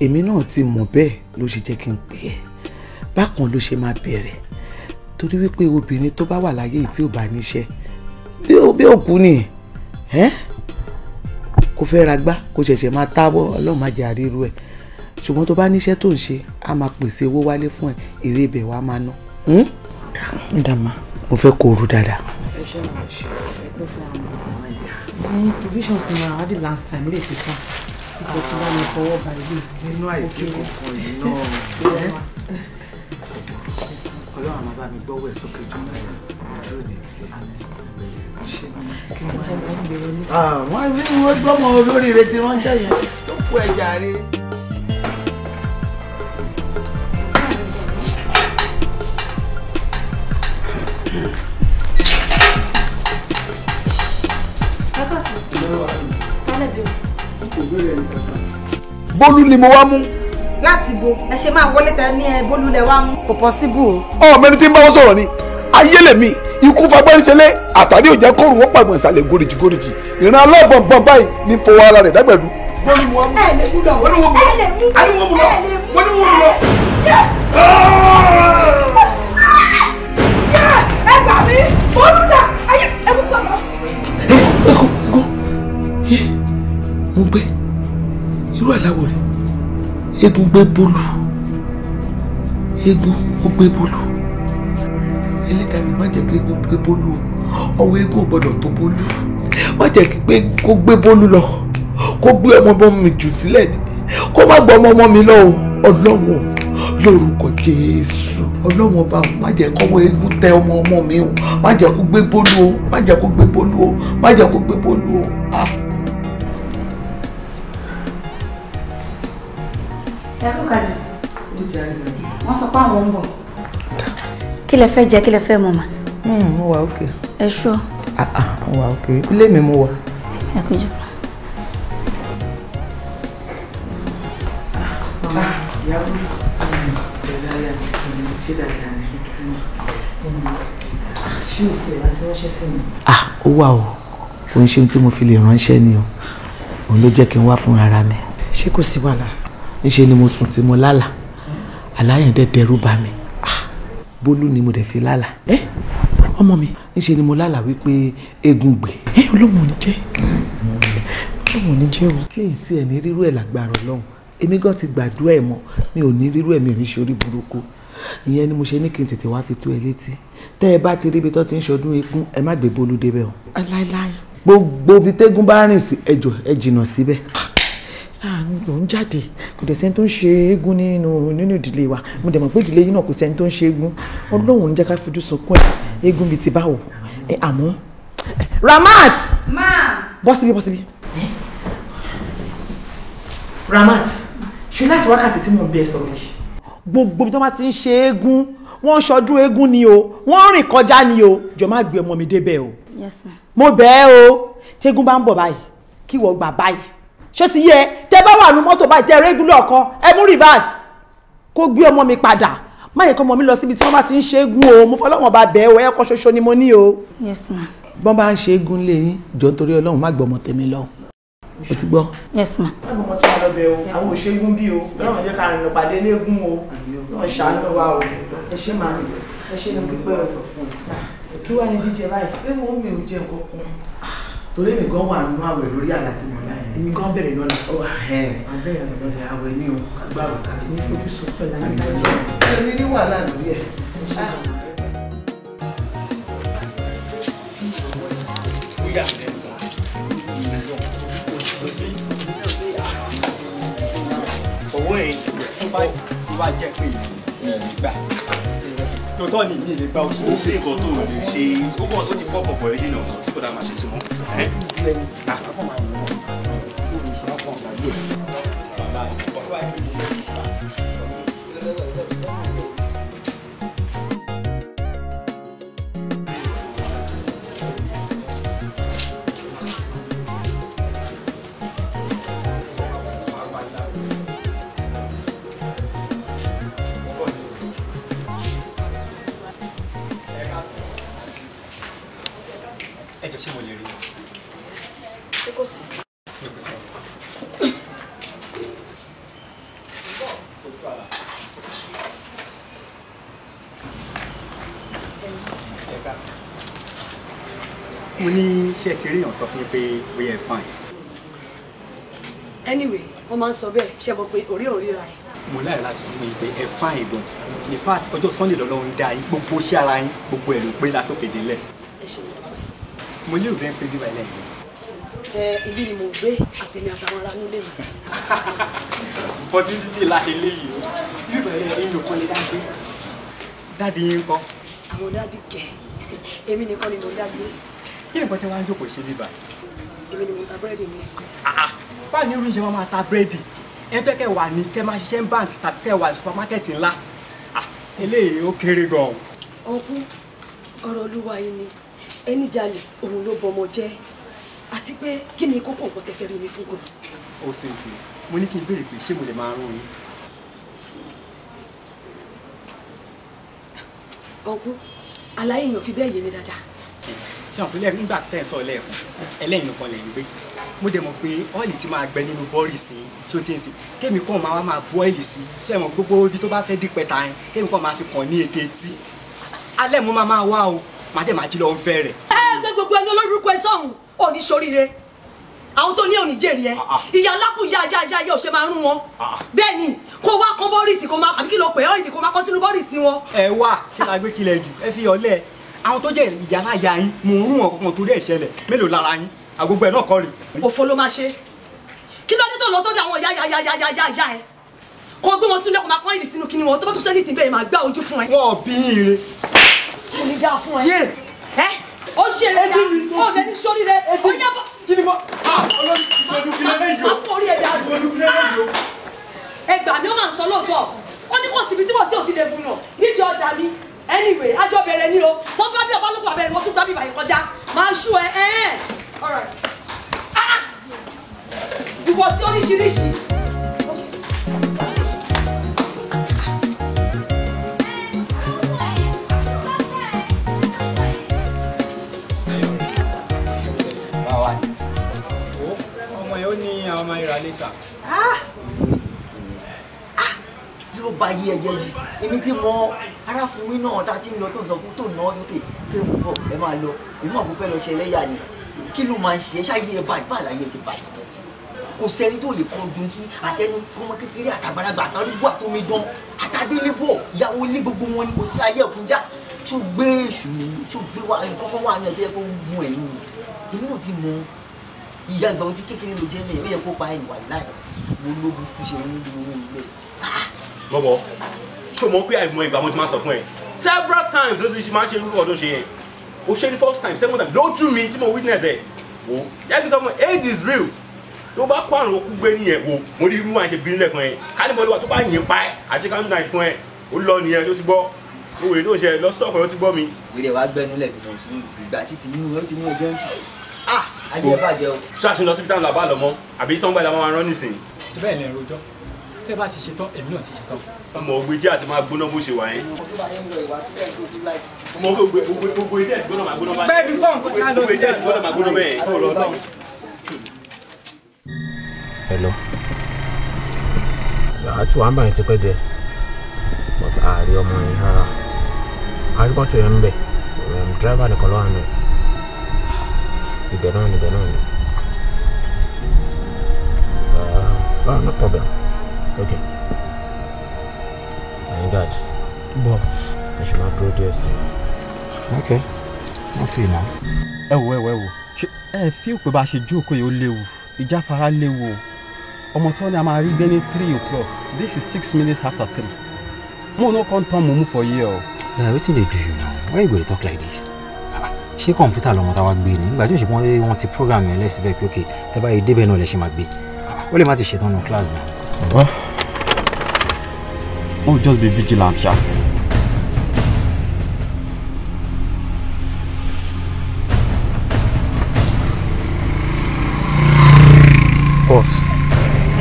èmi náà ti mọ̀ bẹ́ẹ̀ ló ṣe jẹ́ kí n pè ẹ́ bákan ló ṣe máa bẹ̀rẹ̀ torí wípé obìnrin tó bá wà láyé yìí tí ò bá níṣẹ́ bí ó bí òkú ni kò fẹ́ ra gbá kò ṣẹ̀ṣẹ̀ máa tábọ̀ ọlọ́run má jẹ́ àríru ẹ̀ ṣùgbọ́n tó bá níṣẹ́ tó ń ṣe á máa pèsè owó wálé fún ẹ èrè ibẹ̀ wàá máa ná. Hm? dàmà mo fẹ́ kó o rú dáadáa. ẹ ṣe máa ṣe ẹ pẹ́ fún àwọn ọmọ ẹ̀yà. ní provision ti máa wá di last time lè ti fún ìfẹ́ tí wọ́n mi fọwọ́ báyìí. nínú àìsí kankan yìí náà ọlọ́run máa bá mi gbọ́wọ́ eu sókè jù láyé ojú òní tí wọ́n rí wọ́n gbọ́mọ olóríire tí wọ́n ń jẹ́ yẹn tó kú ẹ̀jà rí. Yeah. bólú ni mo wá mú. láti bo ẹ ṣe máa wọlé tẹ ní ẹ bólú lẹ wá mú. kò possible o. ọ mẹni tí ń bá wọn sọ̀rọ̀ ni ayé lèmi ikú fagbẹ́rìsẹ́lẹ̀ àtàrí òjá kóòrùn wọ́n pàgbọ́n ìsàlẹ̀ góríjì góríjì ìran alábọ̀nbọ̀n báyìí ní fọwọ́ ara rẹ̀ dágbẹ̀dú. bólú mu ọmú ẹ lè mú lọ wọnú wọn mú lọ wọnú wọn mú lọ. ẹ gbà mí bólú dà ẹ kú pọ̀ mọ́. ẹ kú ẹ kú mo gbé irú àláwọ̀ rẹ̀ eégún gbé bólú eégún ó gbé bólú ẹlẹ́dàá mi má jẹ́ kí eégún gbé bólú o ọwọ́ eégún ò gbọ́dọ̀ tó bólú má jẹ́ kí pé kó gbé bólú lọ kó gbé ọmọ mi jù sílẹ̀ kó má gbọ́ ọmọ mi lọ o lórúkọ jésù ọlọ́run ọba má jẹ́ kọ́wọ́ eégún tẹ ọmọ mi o má jẹ́ kó gbé bólú o má jẹ́ kó gbé bólú o má jẹ́ kó gbé bólú o ẹ kó kalẹ̀. wọ́n sọ pé àwọn ń bọ̀. kí lẹ fẹ́ jẹ kí lẹ fẹ́ mu mà. Hmm, mo wà òkè. ẹ ṣọ́. Ah, ah, mo wà òkè ilé mi mo wà. ẹ kú jù. ah ó wà o kò ń ṣe ohun tí mo fi lè ránṣẹ́ ni o òun ló jẹ́ kí n wá fún ara mi. ṣé kò sí wàhálà níṣe ni mo sùn tí mo lálà aláyàn dẹ̀ dẹ̀rù bà mí ah, bólú ni mo dẹ̀ fi lálà ẹ ọmọ mi níṣe ni mo lálà wípé egun gbè ẹ ọlọ́run ò ní jẹ́ ọlọ́run ò ní jẹ́ o. mi ì tiẹ̀ ní rírú ẹ̀ lágbára ọlọ́run èmi gan ti gbàdúrà ẹ̀ mọ́ mi ò ní rírú ẹ̀ mi ò ní ṣorí burúkú ìyẹn ni mo ṣe ní kí n tètè wá fi tó ẹ létí tẹ́ ẹ bá ti rí ibi tó ti ń ṣọdún eégún ẹ má gbé bólú débẹ̀ o. aláìláì. gbogbo ibi tẹ́gún bá rìn sí ẹjọ́ ẹ jìnnà síbẹ̀. Ah, ló ń jáde kò dẹ̀ sẹ́ni tó ń ṣe eégún nínú nínú ìdílé wa mo dẹ̀ mọ̀ pé ìdílé yìí náà kò sẹ́ni tó ń ṣe eégún ọlọ́run ń jẹ́ ká fojú sunkún ẹ̀ eégún bíi ti báwo ẹ àmọ́ Ramat bọ́ síbí bọ́ síbí Ramat ṣe láti wákàtí tí mò ń bẹ ẹ sọ̀rọ̀ yìí gbogbo tí wọ́n bá ti ń ṣe eégún wọ́n ń ṣọdún eégún ni o wọ́n rìn kọjá ni o jọ má gbé ọmọ mi débẹ̀ o yes ma mo bẹ̀ o tégún bá ń bọ̀ báyìí kí wọ́n gbà báyìí ṣó ti yẹ tẹ bá wà nù mọ́tò báyìí tẹ régúlọ̀ kan ẹ mú reverse kó gbé ọmọ mi padà má yẹ kó ọmọ mi lọ síbi tí wọ́n bá ti ń ṣẹ́gun o mo fọlọ́wọ́n bá bẹ́ẹ̀ o ẹ̀kọ́ ṣoṣo ni mo ní o. yes ma. bọ́n bá ń ṣẹ́gun lè yín jọ nítorí ọlọ́run má gbọ́ ọmọ tèmi lọ o ti gbọ́. yes ma. ẹ̀gbọ́n mo ti máa lọ bẹ̀ o àwọn òṣègùn bí o ọlọ́run jẹ́ ká rìn pàdé léegun o náà o ẹ ṣe torí mi gan wà nínú àwẹ̀ lórí àlá tí mo lá yẹn. èmi gan bẹ̀rẹ̀ lọ́la. ó ẹ̀ abẹ́rẹ́ mi lọ́la àwẹ̀ ní o agbára káfí tí mo sọ pẹ̀lú àmì lọ́la. ṣé mi ní wàhálà lórí ẹ̀ ah. owó èyí tó bá jẹ́ pé ìgbà ìrẹsì tòótọ́ ni mi lè gba oṣù. o sì nǹkan tó o ṣe ó bọ̀ ó ti fọ́ ọ̀pọ̀ rẹ̀ dènà sí kò dáa máa ṣe sí mọ́. lẹ́yìn tí a kọ́ máa ń wọ́n ó lè ṣe ọkọ̀ ọ̀gá yìí. mo ní ṣé ti rí èèyàn sọ fún mi pé bóyá ẹ fine. anyway wọ́n máa ń sọ bẹ́ẹ̀ ṣe mọ̀ pé òrí ò ríra ẹ̀. mo láyè láti sọ fún yín pé ẹ fine gan in fact ọjọ́ sunday lọ́lọ́run dá yín gbogbo ṣé ara yín gbogbo ẹ̀ ló pé látòkè délẹ̀. ẹ ṣe mi dúpẹ́. mo lérò bẹ́ẹ̀ pé bíbá ilẹ̀ yìí ibi ni mo gbé àtẹ̀mí àtàwọn ará nílé mi. opportunity láti léyìí o bí bẹ̀rẹ̀ inú kan lè dágbé dáàdi yín kọ́. àwọn dáàdi kẹ èmi nìkan ni mo dágbé kí nǹkan tí wọ́n á ń jókòó ṣe bíbá. èmi ni mo ta búrẹ́dì mi. Ah, ah. báwo ni irú ìṣe máa ta búrẹ́dì ẹ tó kẹ wà ní kẹ máa ṣiṣẹ́ ní báńkì tàbí kẹ wà ní supamákẹ́tì ńlá ah, eléyìí ó kéré gan. ọkú ọ̀rọ̀ olúwa yìí ni ẹni jalè òun ló bọmọ jẹ́ àti pé kí ni kókó nǹkan tẹ fẹ́ rí mi fún gan. ó ṣe ń pè mo ní kí n béèrè pé ṣé mo lè máa rún yín. ọkú àlàyé èèyàn fi bẹ́ẹ̀ yé mi dáadáa ṣé wọn pínlẹ̀ nígbà tẹ̀ ń sọ ẹlẹ́ẹ̀kan ẹlẹ́yìn nìkan lẹ̀ ń gbé mo dẹ̀ mọ̀ pé ọ́ìlì ti máa gbẹ nínú bọ́ọ̀lì sí ṣó ti ń sìn kémi kàn máa máa bu ọ́ìlì sí ṣé ẹ̀mọ̀ gbogbo ibi tó bá fẹ́ dípẹ́ ta yẹn kémi kàn máa fi kàn ní ètè etí alẹ́ mo máa máa wá o màá dẹ̀ máa jí lọ ń fẹ́ rẹ̀. ẹ gbé gbogbo ẹni olórúkọ ẹ sọhùn ò ní ṣoríire àwọn tó ní òní jèrè ẹ ah, ah. ìyá alákùn yá ajá ajá yóò ṣe máa rún wọn ah, bẹ́ẹ̀ ni kó wá kán bọ́ọ̀rì sí kó máa àbí kí ló pè ọ́ìlì kó máa kọ́ sínú bọ́ọ̀rì sí wọn. ẹ wá kí la gbé kílẹ̀ jù ẹ fi ọ̀lẹ́ àwọn tó jẹ́ ìyáláyà yín mò ń rún wọn kankan torí ẹ̀ ṣẹlẹ̀ mélòó lára yín àgbogbo ẹ̀ náà kọ́ rè. òfo ló máa ṣe kí ló dé tó lọ sọ́dọ̀ àwọn ìyá ìyá ìyá ìyá ìyá ìyá ẹ̀ kó o gbé wọn sílẹ̀ kó máa kọ́ ìlì sínú kí ni wọn tó bá tó sẹ́ni ìsìn bẹ́ẹ̀ máa gbá ojú fún ẹ. wọn ò bí ire. ṣé ní dáa fún ẹ. ẹ ó ṣe é dáa ó lè ní sórí rẹ ó yá bọ. kí ni mo ah, olórí ìgbòdùkúlẹ̀ mẹ́jọ. a fọ orí ẹ̀ dáa. ìgbòdùkúlẹ̀ mẹ́jọ. ẹgbàá mi ó máa ń sọ lóòótọ́ ó ní kò síbi tí mo sì ò ti lè gùn yàn nídìí ọjà anyway àjọ bẹ̀rẹ̀ ni o tó bá bí ọbálòpọ̀ abẹ́rẹ́ wọ́n tún gbá bíbà yìí kọjá máa ń ṣú ẹ ẹ̀ẹ́n alright ah ìwọ sí oríṣiríṣi. ọmọ yẹn ó ní àwọn máa ń ra létà ló ba yí ẹ̀jẹ̀ jù èmi tí mọ aráfúnmi náà tá a ti ń lọ tó ń sọ fún tó ń náwó sókè kí n bọ̀ ẹ máa lọ èmi mọ̀ kó fẹ́ lọ ṣe ẹlẹ́yà ni kí ló máa ń ṣe ẹ ṣáàyè ẹ báyìí báyìí láyé ẹ ṣe báyìí kò sẹ́ni tó lè kọjú sí àtẹnu ọmọ kékeré àtàgbàlagbà àtàrúgbó àtòmídán àtàdélébọ̀ ìyàwó ilé gbogbo wọn ni kò sí ayé òkúnjà tí gbé èṣù mi tí gbé wa kọ́kọ́ wà ní ẹ̀jẹ̀ kó mú ẹ̀ nù èmi náà ti mọ ìyá ìgbà wọn ti kékeré ló jẹ́ ní ó yẹ kó pa ẹ̀ wà láì mo lóbi kú ṣe ní ìlú ilé lọ́wọ́ ṣé o pé àìmọ̀ ìgbà mo ti máa sọ fún ẹ several times ló ti máa ń ṣe irú ọdún ṣe yẹn o ṣe ní first time second time lójú mi tí mo witness ẹ wo yẹ kí n sọ fún ẹ age is real tó bá kó àrùn okú gbé nìyẹn wo mo rí irú wa ṣe bí nílẹ̀ kan yẹn kánìmọ́lé wa tó bá yìn pa ẹ àti kanṣu náà fún ẹ ó lọ nìyẹn tó ti gbọ́ owó èdè òṣè lọ stop ẹ ó ti gbọ́ mi. wíìlẹ̀ wa gbẹnu lẹ̀ bìtàn sí ìgbà títí nínú ó ti mú ẹjọ́ ń sùn. ah ayé ẹ bàjẹ́ o. ṣáà ṣe lọ síbi táwọn làbá lọ mọ́ àbí tí wọ́n gbà láwọn máa rán nísìnyí. síbẹ̀ tẹ́ bá ti ṣe tán èmi náà ti ṣe tán. ọmọ ògbé tí a ti máa gbóná bó ṣe wà yẹn. ọmọ ògbé gbogbo iṣẹ́ ti gbọ́dọ̀ máa gbóná báyìí. bẹ́ẹ̀ ni sọ̀n kò ká ló jẹ́ gbọ́dọ̀ máa gbóná bẹ́ẹ̀. hello àti wàá bàyìí ti pẹ́ jẹ but ààrẹ ọmọ yẹn rárá àríkọ́tù yẹn ń bẹ̀ um, dírẹ́bà nìkan ló wà nù ibẹ̀ náà ni ibẹ̀ náà ni. Uh, ah, no problem ok And guys. bọ ẹ ṣe máa dúró i. ok ok na. ẹ wo ẹ wo ẹ wo ẹ fi òpè bá a ṣe jókòó yìí ó léwu ìjáfara léwu o ọmọ tó ní a máa rí gbé ní three o'clock this is six minutes after three mo no come turn mumu for here o. na wetin dey do you now why you go dey talk like this ah, ṣé kọ̀ǹpútà lọ́mọ táwa gbé ni nígbà tí òṣèpọ̀ wọn ti program yẹn lẹ́sìn bẹ́ẹ̀ pé ok tẹ́ bá yìí débẹ̀ náà lẹ́ ṣe máa gbé ah, ó lè má ti ṣetán class náà. Bon. Wou, diyoz bi biti lant ya. Pof,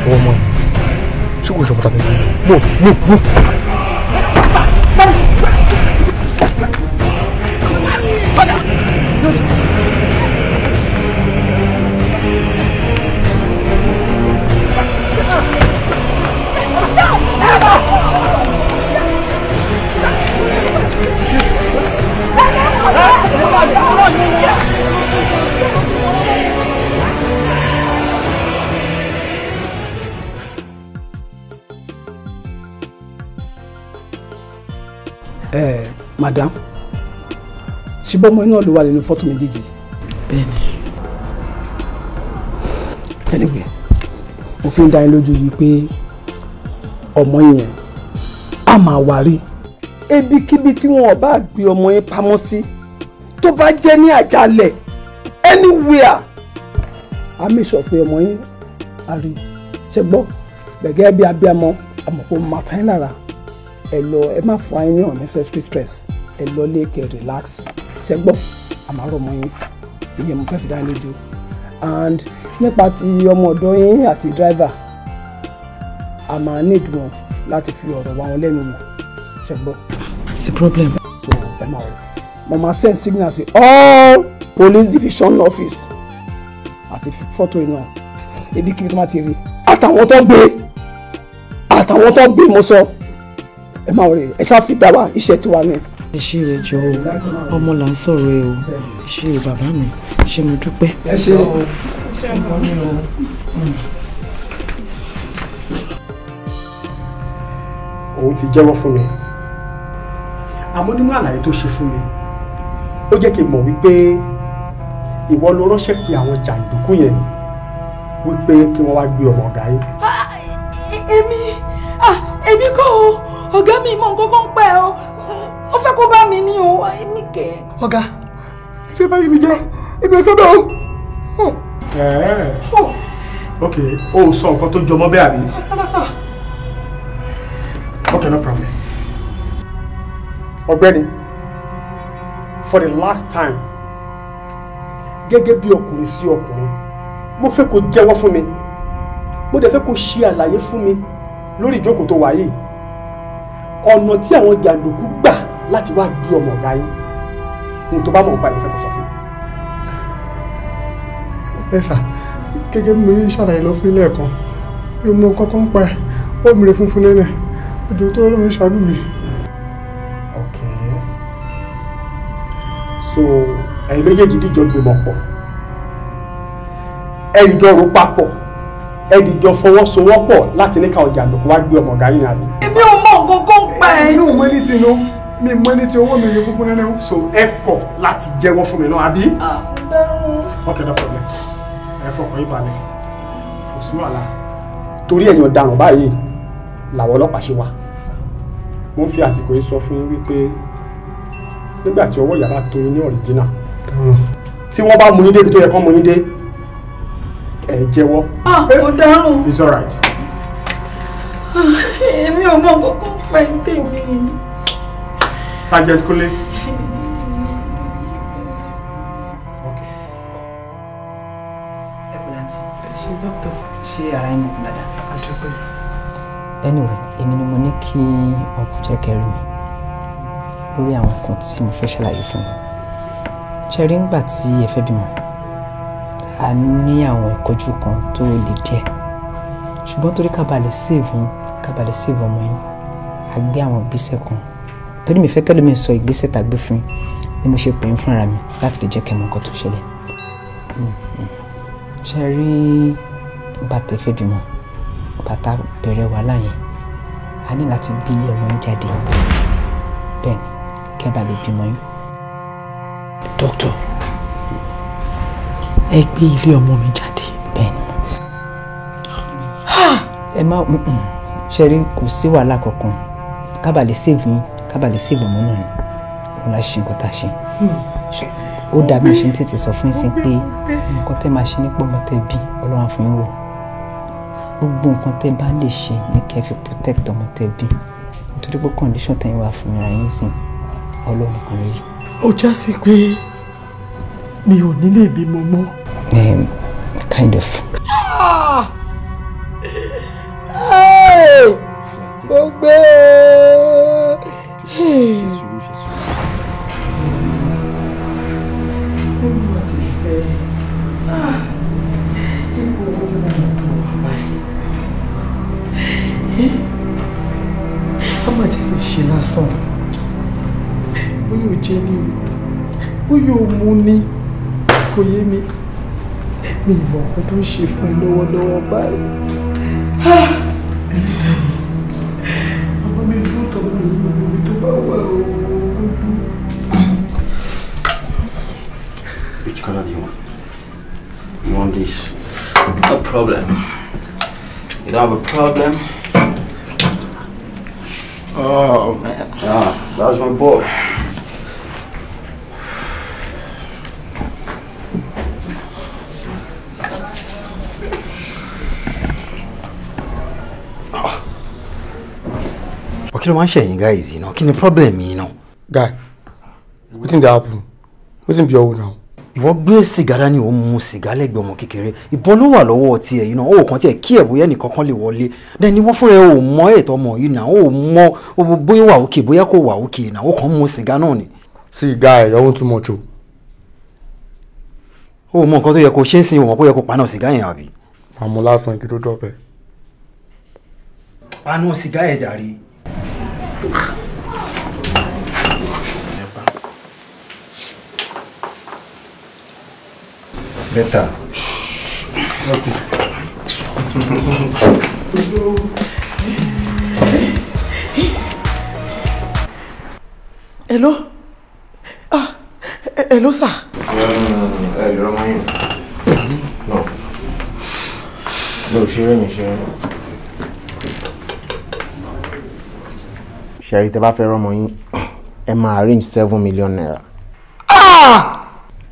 wou mwen. Chikou jom wata bi bi. Mou, mou, mou. madam ṣùgbọ́n ọmọ iná ló wà nínú fọ́tò méjèèjì. bẹ́ẹ̀ni anyway mo fi ń dá yín lójú yìí pé ọmọ yẹn á máa wárí. ebikíbi tí wọn bá gbé ọmọ yẹn pamọ́ sí tó bá jẹ́ ní àjálẹ̀ anywhere a mi sọ pé ọmọ yín a rí ṣe gbọ́ gbẹ̀gẹ́ bí abiyamọ àmọ̀pọ̀ màtáyín lára ẹ lọ ẹ má fún ayé ní unnecessary stress ẹ lọlé kẹ relax ṣe àmàrò ọmọ yín ìyẹn mo fẹ́ fi dá yín lójú and nípa ti ọmọ ọ̀dọ́ yín àti driver a máa ní ìdùnnú láti fi ọ̀rọ̀ wa wọn lẹ́nu mọ̀ ṣe it's a problem. so ẹ máa rẹ mo send signal sí all police division office àti fọ́tò iná ibikíbi tó máa ti rí àtàwọn tó ń gbé àtàwọn tó ń gbé mo sọ ẹ máa rẹ ẹ ṣáà fi dá wa iṣẹ́ tiwa ni ẹ ṣe rẹ jọ o ọmọ là ń sọ̀rọ̀ ẹ o ẹ ṣe rẹ bàbá mi ṣe mo dúpẹ́. ẹ ṣe o ṣe ọmọ mi o. òun ti jẹ́wọ́ fún mi àmọ́ nínú àlàyé tó ṣe fún mi ó jẹ́ kí n mọ̀ wípé ìwọ ló ránṣẹ́ pé àwọn jàǹdùkú yẹn wípé kí wọ́n wá gbé ọmọ ọ̀gá yín. Ah, e-, e-, èmi ah, èmi kọ́ o ọ̀gá mi mọ̀ nǹkan kan pẹ́ o ó fẹ́ kó bá mi ní o èmi kẹ́. ọ̀gá ìfẹ́ báyìí mi jẹ́ èmi ò o. Oh. Eh. Oh. ok o sọ nǹkan tó jọmọ́ bẹ́ẹ̀ àbí. ok no problem. ọ̀gbẹ́ni for the last time gẹ́gẹ́ bí ọkùnrin sí ọkùnrin mo fẹ́ kó jẹ́wọ́ fún mi mo dẹ̀ fẹ́ kó ṣe àlàyé fún mi lórí ìjókòó tó wà ọ̀nà tí àwọn jàǹdùkú gbà láti wá gbé ọmọ ọ̀gá yín ní tó bá mọ̀ nípa ìfẹ́ kò sọ fún mi. ẹ sà gẹ́gẹ́ bí mo yí ṣàlàyé lọ fún ilé ẹ̀kọ́ mi ò mọ kọ́kọ́ ń pa ẹ̀ ó mìíràn funfun lẹ́lẹ̀ ẹ̀dùn tó lọ́wọ́ ṣàánú mi. so ẹ̀yin méjèèjì dìjọ gbìmọ̀ pọ̀ ẹ̀dìjọ rò papọ̀ ẹ̀dìjọ fọwọ́sowọ́pọ̀ láti ní ká ọjà àgbẹ̀kọ́ wá gbé ọmọ ọ̀gá yín àbí. èmi ò mọ ògógó ń pa ẹ̀. inú mi ní tinú mi mọ ẹni tí owó mi yẹ fúnfún nínú. so ẹ kọ̀ láti jẹ́wọ́ fún mi náà àbí. okay ah, no problem ẹ fọkàn yín balẹ̀ kò sí wàhálà. torí ẹ̀yin ọ̀daràn báyìí làwọn ọlọ́pàá ṣe wá mo ń fi àsìkò yìí sọ fún yín wípé nígbà tí ọwọ́ ìyá bá tó yín ní ọ̀ríjínà tí wọ́n bá mú yín débi tó yẹ kán mú yín dé ẹ jẹ́wọ́. ó ah, dárùn. it's alright. Ah, èmi ò mọ kókó pẹ́ tèmi. Sergeant Kule. anyway èmi ni mo ní kí ọkùnrin jẹ́ kẹrin mi lórí àwọn nǹkan tí mo fẹ́ ṣàlàyé fún un ṣe rí nígbà tí ẹ fẹ́ bímọ a ní àwọn ìkọjú kan tó le díẹ̀ ṣùgbọ́n torí ká ba lè save yín ká ba lè save ọmọ yín a gbé àwọn ìgbésẹ̀ kan torí mi fẹ́ kẹ́lómi sọ ìgbésẹ̀ tàgbé fún yín ni mo ṣe pè é fúnra mi láti lè jẹ́ kẹ́ mọ̀ nǹkan tó ṣẹlẹ̀ ṣe rí bàtà ìfẹ́ bímọ bàtà bẹ̀rẹ̀ wàhálà yẹn a ní láti bí ilé ọmọ yín jáde bẹ́ẹ̀ ni kẹ́ bá lè bímọ yín. dókítà ẹ gbé ilé ọmọ mi jáde. bẹ́ẹ̀ ni ah! ẹ má ṣe rí kò sí wàhálà kankan ká bàa lè save yín kábàlì sí ìbọ̀mọ́ náà ni òun láti ṣe nǹkan tá a ṣe hmm. ó dá bí ń tètè sọ fún ìsìn pé nǹkan tẹ́ máa ṣe ní pọ́nmọ́ bí ọlọ́run àfin wò gbogbo nǹkan tẹ́ bá lè ṣe ní kẹ́ fi protect ọmọ bí nítorí pé condition tẹ́yìn wà fún ìrìn àyè ìsìn ọlọ́run kan lóye. ó já sí pé mi ò ní lè bímọ kind of. Ah! mo gbé e. I tó not ṣe fún ẹ lọ́wọ́lọ́wọ́ báyìí. ọmọ mi tó bá Which color do you want? You want this? No problem. You don't have a problem. Oh man. Ah, that was my boy. ló máa ń guys You know, kí problem yìí náà. guy wetin dey happen wetin be your own now. ìwọ gbé sìgá dání ò ń mu sìgá lẹ́gbẹ̀ẹ́ ọmọ kékeré ìbọn ló wà lọ́wọ́ tiẹ̀ yìí náà ó kàn tiẹ̀ kí ẹ̀ bóyá nìkan kan lè wọlé dẹ́ni wọ́n fúnra ẹ̀ ò mọ ètò ọmọ yìí náà ó mọ bóyá wà òkè bóyá kò wà òkè náà ó kàn mu sìgá náà ni. see guy your own too much oh. o. mọ nǹkan tó yẹ kó ṣe ń sin ìwọ̀n kó yẹ kó paná sìgá yẹn àbí. àmọ́ lásán kí ló dọ̀ bẹ́ẹ̀. sìgá ẹ̀ jàre. Better. Okay. Hello? Ah, hello, sir. Um, hello, my. No. No, she ran, she ran. ṣẹ̀rí tẹ́ bá fẹ́ rán ọmọ yín ẹ máa arrange seven million naira.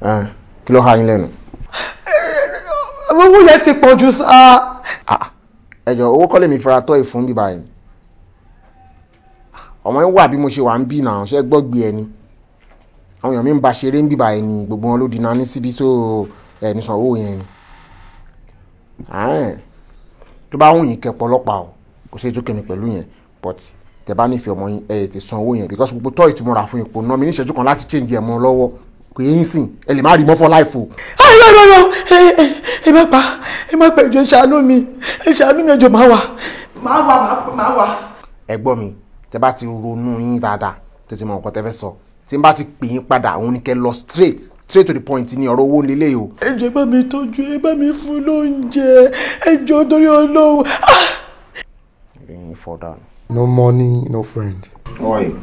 Ah! kí ló há yín lẹ́nu. owó yẹn ti pọ̀ jù sá. Ah, ah. ẹ jọ owó kọ́lé mi fara tọ́ ìfún bíbá yìí ọmọ yín wà bí mo ṣe wà ń bì náà ṣe gbọ́gbé ẹni àwọn èèyàn mi ń ba ṣeré ń bíbá ẹni gbogbo wọn ló di náà ní síbi tó ẹni san owó yẹn ni tó bá wù yín kẹ́ pọ̀lọ́pàá o kò sí ètò kẹmi pẹ̀lú yẹn but tẹ bá nífẹ̀ẹ́ ọmọ yín ẹ tètè san owó yẹn because gbogbo tọ́ ìtumọ̀ra fún ipò náà mi ní ìṣẹ́jú kan láti change ẹ̀ mọ́ lọ́wọ́ kò yẹ yín sìn ẹ lè má rí mọ́ for life o. ayọ̀ ayọ̀ ayọ̀ ẹ má pa ẹ má pa ìjọ ìṣàánú mi ìṣàánú mi ọjọ́ máa wà. máa wà máa wà. ẹ gbọ́ mi tẹ bá ti ronú yín dáadáa tètè mọ nǹkan tẹ fẹ́ sọ tí n bá ti pè yín padà òun ni kẹ lọ straight straight to the point ni ọ̀rọ̀ owó nílé o. ẹ jọ̀ọ́ ẹ bá mi tọ́jú ẹ bá mi fún lóúnjẹ ẹ torí Ọlọ́run. ẹyin fọdà ni. No money, no friend. How are you?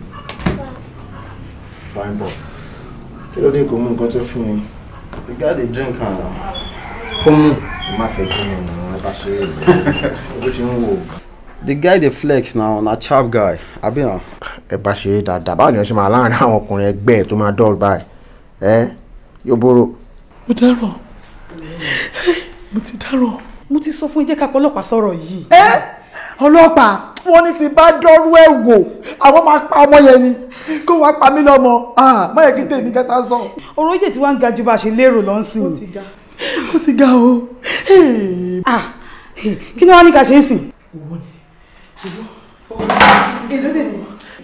Fine, bro. Kí ló Come on, mú to tẹ́ fún mi? The guy dey drink am Come on. mú. Má fẹ́ kí ni ọ̀nà bá ṣe é bọ̀. Bó ṣe The guy the flex na a sharp guy, àbí na? Ẹ bá ṣe é dáadáa, báwo ni ẹ ṣe máa láàárín àwọn ọkùnrin ẹgbẹ́ ẹ̀ tó máa dọ́ọ̀lù báyìí? Ẹ yóò bóró. Mo dárò. Mo ti dárò. Mo ti sọ fún ẹ jẹ́ ká pọ́lọ́pàá yi. Eh? ọlọ́pàá wọ́n ní ti bá dọ́rú ẹ̀ wò àwọn máa pa ọmọ yẹn ni kó wàá pa mí lọ́mọ má yẹ kí tèmi jẹ́ sásán. ọ̀rọ̀ yìí tí wọ́n ń ga ju bá a ṣe lérò lọ́nsìn. ó ti ga ó ti ga o. kí ni wọ́n ní ká ṣe ń sìn. owó ni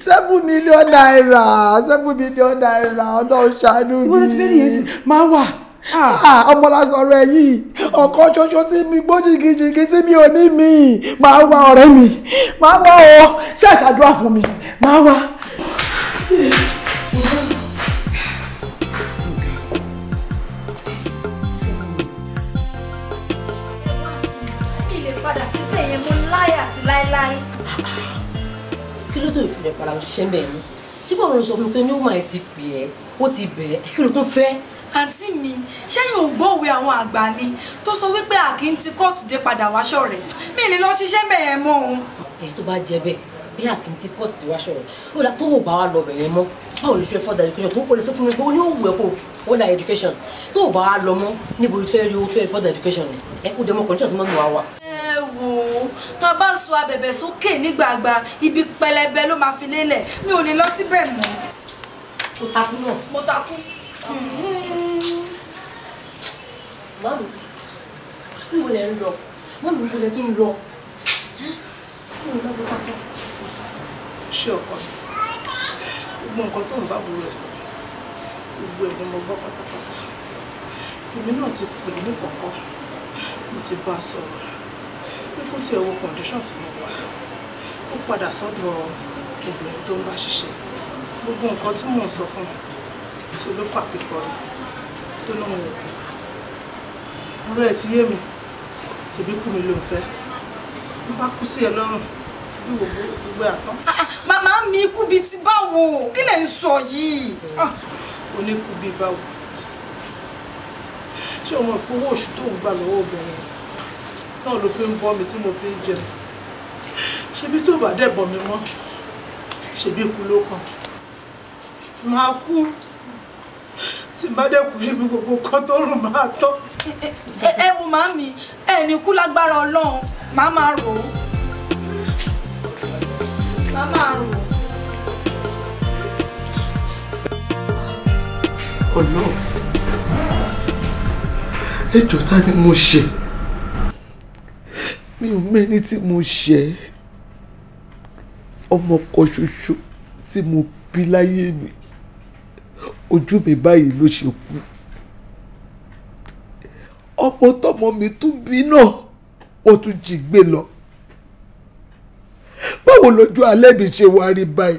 seven million naira seven million naira ọlọ́run ṣàánú mi máa wà. Ah, ọmọ la sọ̀rọ̀ ẹ yìí ọ̀kan ṣoṣo tí mi gbó jìgìjìgì tí mi ò ní mi máa wá ọ̀rẹ́ mi máa wá ọ ṣàṣàdúrà fún mi máa wá. láéláé. kí ló tó ìfilẹ̀ ni ṣé bọ́ọ̀lù sọ fún mi pé ní ó ti pè é ó ti bẹ̀ kí ló tún fẹ́ àǹtí mi ṣẹ́yìn ò gbọ́ òwe àwọn àgbà ni tó sọ wípé àkì ń ti kóòtù dé padà wáṣọ rẹ̀ mi lè lọ ṣiṣẹ́ bẹ̀yẹn mọ́ òun. ẹ tó bá jẹ bẹ́ẹ̀ bí àkì ń ti kóòtù dé wáṣọ rẹ̀ ó dà tó wò bá wa lọ bẹ̀yẹn mọ́ báwo ló fẹ́ further education kó o lè sọ fún mi pé o ní òwú ẹ̀ kó o education tó o bá wa lọ mọ́ níbo ló fẹ́ rí o fẹ́ further education rẹ̀ ẹ kó dẹ́mọ kọ́ńtì ọ̀sán mọ́mí wa wa. ẹ wo tá a bá sọ abẹ̀bẹ̀ sókè nígbàgbà ibi pẹlẹbẹ ló máa fi lélẹ̀ mi ò lè lọ síbẹ̀ mọ́. mo takú náà. mo takú. Hmm mọ́mí níbo lẹ ń lọ mọ́mí níbo lẹ tún lọ mọ́mí bá bọ́ pátá. ṣé ọkọ gbogbo nǹkan tó ń bá burú ẹ sọ gbogbo ẹ ni mo bọ́ pátápátá èmi náà ti pè é ní kọ̀kọ́ mo ti bá a sọ̀rọ̀ pé kó tiẹ̀ wo condition tí mo wà ó padà sọ́dọ̀ obìnrin tó ń bá ṣiṣẹ́ gbogbo nǹkan tí mò ń sọ fún un ṣe ló fà kíkọ rẹ̀ tó náà ọ̀rọ̀ ẹ̀ ti yé mi ṣèbí kú mi ló ń fẹ́ n bá kú sí ẹ lọ́rùn bí wò ó gbogbo àtán. Ah, ah, màmá mi ikú bíi ti báwo kí lè ń sọ yìí. oníkú ah. bíi báwo ṣé o mọ̀ pé owó oṣù tó ń gbà lọ́wọ́ obìnrin náà ló fi ń bọ́ mi tí mo fi ń jẹun ṣebí tó bá dẹ̀ bọ̀ mi mọ́ ṣebí ikú ló kàn máa kú tí n bá dẹ́kun síbi gbogbo kan tó rùn máa tán. ẹ wo màmí ẹ ní kú lágbára ọlọ́run màá máa rò ó màá máa rò ó. ọlọ́run ẹjọ́ ta ni mo ṣe mi ò mẹ́ni tí mo ṣe ọmọ kan ṣoṣo tí mo bí láyé mi ojú mi báyìí ló ṣe kú ọmọ tọmọ mi tún bí náà wọ́n tún jí gbé lọ báwo lójú alẹ́ mi ṣe wá rí báyìí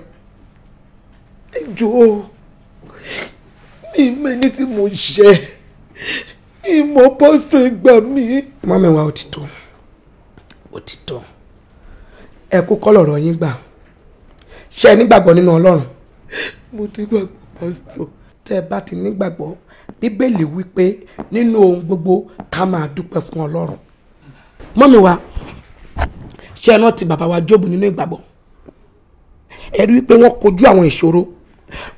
ìjọ mi mẹ́ni tí mo ṣe ìmọ̀ pásítọ̀ ìgbà mi. mọ́mí wa òtítọ́ òtítọ́ ẹ kú kọ́ lọ̀rọ̀ yín gbà ṣé ẹ nígbàgbọ́ nínú ọlọ́run. mo nígbàgbọ́ pásítọ̀ tẹ́ ẹ bá ti nígbàgbọ́ bíbélì wípé nínú ohun gbogbo ká máa dúpẹ́ fún ọlọ́run mọ́mi wa ṣé ẹ rántí bàbá wa jóòbù nínú ìgbàgbọ́ ẹ rí wípé wọ́n kojú àwọn ìṣòro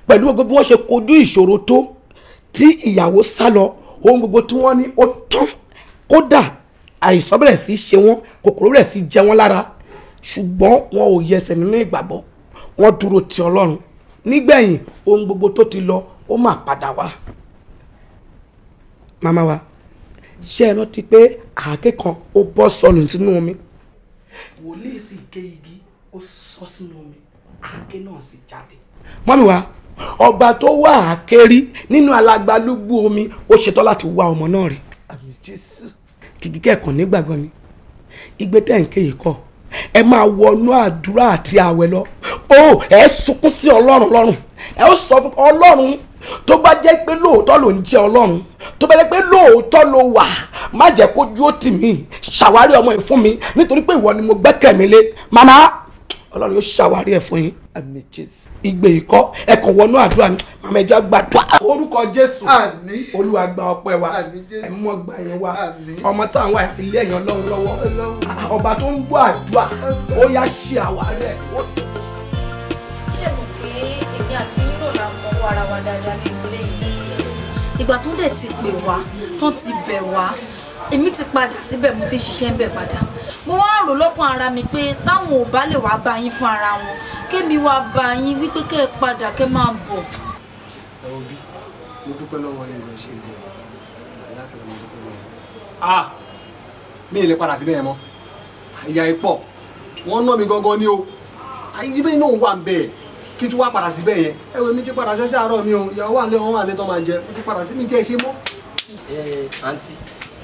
pẹ̀lú gbogbo bí wọ́n ṣe kojú ìṣòro tó tí ìyàwó sá lọ ohun gbogbo tí wọ́n ní ó tán kódà àìsàn bẹ̀rẹ̀ sí ṣe wọ́n kòkòrò bẹ̀rẹ̀ sí jẹ wọ́n lára ṣùgbọ́n wọn ò yẹsẹ̀ nínú ìgbàgbọ́ wọ́n dúró ti ọlọ́run nígbẹ̀yìn ohun gbogbo tó ti lọ ó máa padà wá màmá wa ṣé ẹ rántí pé àáké kan ó bọ́ sọnù sínú omi. wòlíì sì gé igi ó sọ sínú omi àáké náà sì jáde. mọ́mí wa ọba tó wá àáké rí nínú alágbálúgbú omi ó ṣetán láti wá ọmọ náà rí. àmì jésù. kìkì kẹ́ẹ̀kan nígbàgbọ́ ni igbe tẹ̀ ń ké yìí kọ́ ẹ máa wọnú àdúrà àti àwẹ̀ lọ ó ẹ sunkún sí ọlọ́run lọ́rùn ẹ ó sọ ọlọ́run tó bá jẹ́ pé lóòótọ́ ló ń jẹ́ ọlọ́run tó bá jẹ́ pé lóòótọ́ ló wà má jẹ́ kójú ó tì mí ṣàwárí ọmọ ẹ̀ fún mi nítorí pé ìwọ ni mo gbẹ́kẹ̀ mi lé màmá ọlọ́run yóò ṣàwárí ẹ̀ fún yín àmì jésù igbe ìkọ́ ẹ̀kọ́ wọnú àdúrà mi màmá ẹjọ́ gbàdúrà orúkọ jésù olúwa gba ọpẹ́ wa ẹ̀mú ọgbà yẹn wa ọmọ táwọn wà fi lé ẹ̀yàn ọlọ́run lọ́wọ́ ọba tó ń gbọ́ àdúrà ó yá ṣe àwárí ẹ̀. ṣé mo pé èmi àti ara wa dáadáa ní ilé yìí. ìgbà tó dẹ̀ ti pè wá tán ti bẹ̀ wá èmi ti padà síbẹ̀ mo ti ń ṣiṣẹ́ ń bẹ̀ padà mo wá ń rò lọ́kàn ara mi pé táwọn ò bá lè wá bá yín fún ara wọn kémi wá bá yín wípé kẹ́ ẹ padà kẹ́ máa bọ̀. ẹ wo bí mo dúpẹ́ lọ́wọ́ yín lọ ṣe ìlú láti lọ́wọ́ dúpẹ́ lọ́wọ́. a ah! mi ì lè padà síbẹ̀ yẹn mọ́ ìyá ipò wọ́n ná mi gangan ni o àyíbẹ̀ náà wà ń bẹ́ẹ̀ kí n tún wá padà síbẹ̀ yẹn ẹ wo mi ti padà sẹ́sẹ́ àárọ̀ mi o ìyàwó wà lé wọn wà lé tó máa jẹ mo ti padà sí mi tí ẹ ṣe mọ́. ẹ àǹtí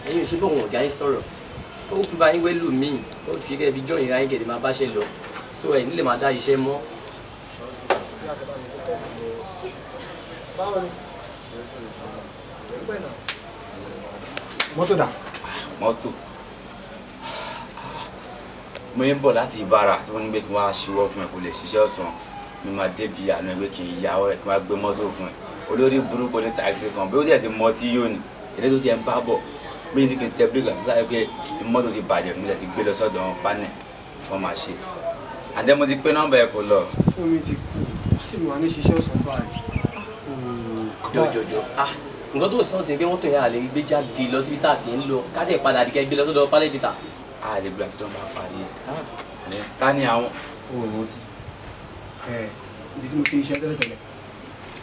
ẹ̀yin ò ṣe bóun ọ̀gá yín sọ̀rọ̀ ó kú bá yín wẹ́lù míì ó fi kẹ́ fi jọyìn ráyìn gẹ̀dẹ̀ máa bá ṣe lọ so ẹ̀ nílẹ̀ máa dá iṣẹ́ mọ́. mọ́tò dà. mọ́tò mo ń bọ̀ láti Ìbàrà tí wọ́n ní pé kí wọ́n á ṣíwọ́ fún ẹ kó lè ṣiṣẹ́ ọ̀sán mi máa débi àná ẹgbẹ́ kì í yáwọ́ ẹ̀ kí n máa gbé mọ́tò fún ẹ olórí burúkú ní taxi kan bí ó dẹ̀ ti mọ tí yóò ní èdè tó ti ẹ̀ ń bá bọ̀ bí ní kí n tẹ bíríkà nígbà pé mọ́tò ti bàjẹ́ mi ti gbé lọ sọ́dọ̀ wọn pánẹ̀ wọn máa ṣe àdé mo ti pé nọ́mbà ẹ kò lọ. fún ti kú kí ni wàá ní ṣiṣẹ́ ọ̀sán báyìí. Hmm, jọjọjọ ah, nǹkan tó sọ sí pé mọ́tò yẹn àlè gbé jáde lọ síbi tá a ti ń lọ kájẹ̀ padà àdìgẹ́ gbé lọ sọ́dọ̀ pálẹ̀ fìtà. a lè gbé àfitọ́ bá parí ẹ̀ ta ni àwọn. Oh, ibi tí mo ti iṣẹ́ tẹ́lẹ̀tẹ́lẹ̀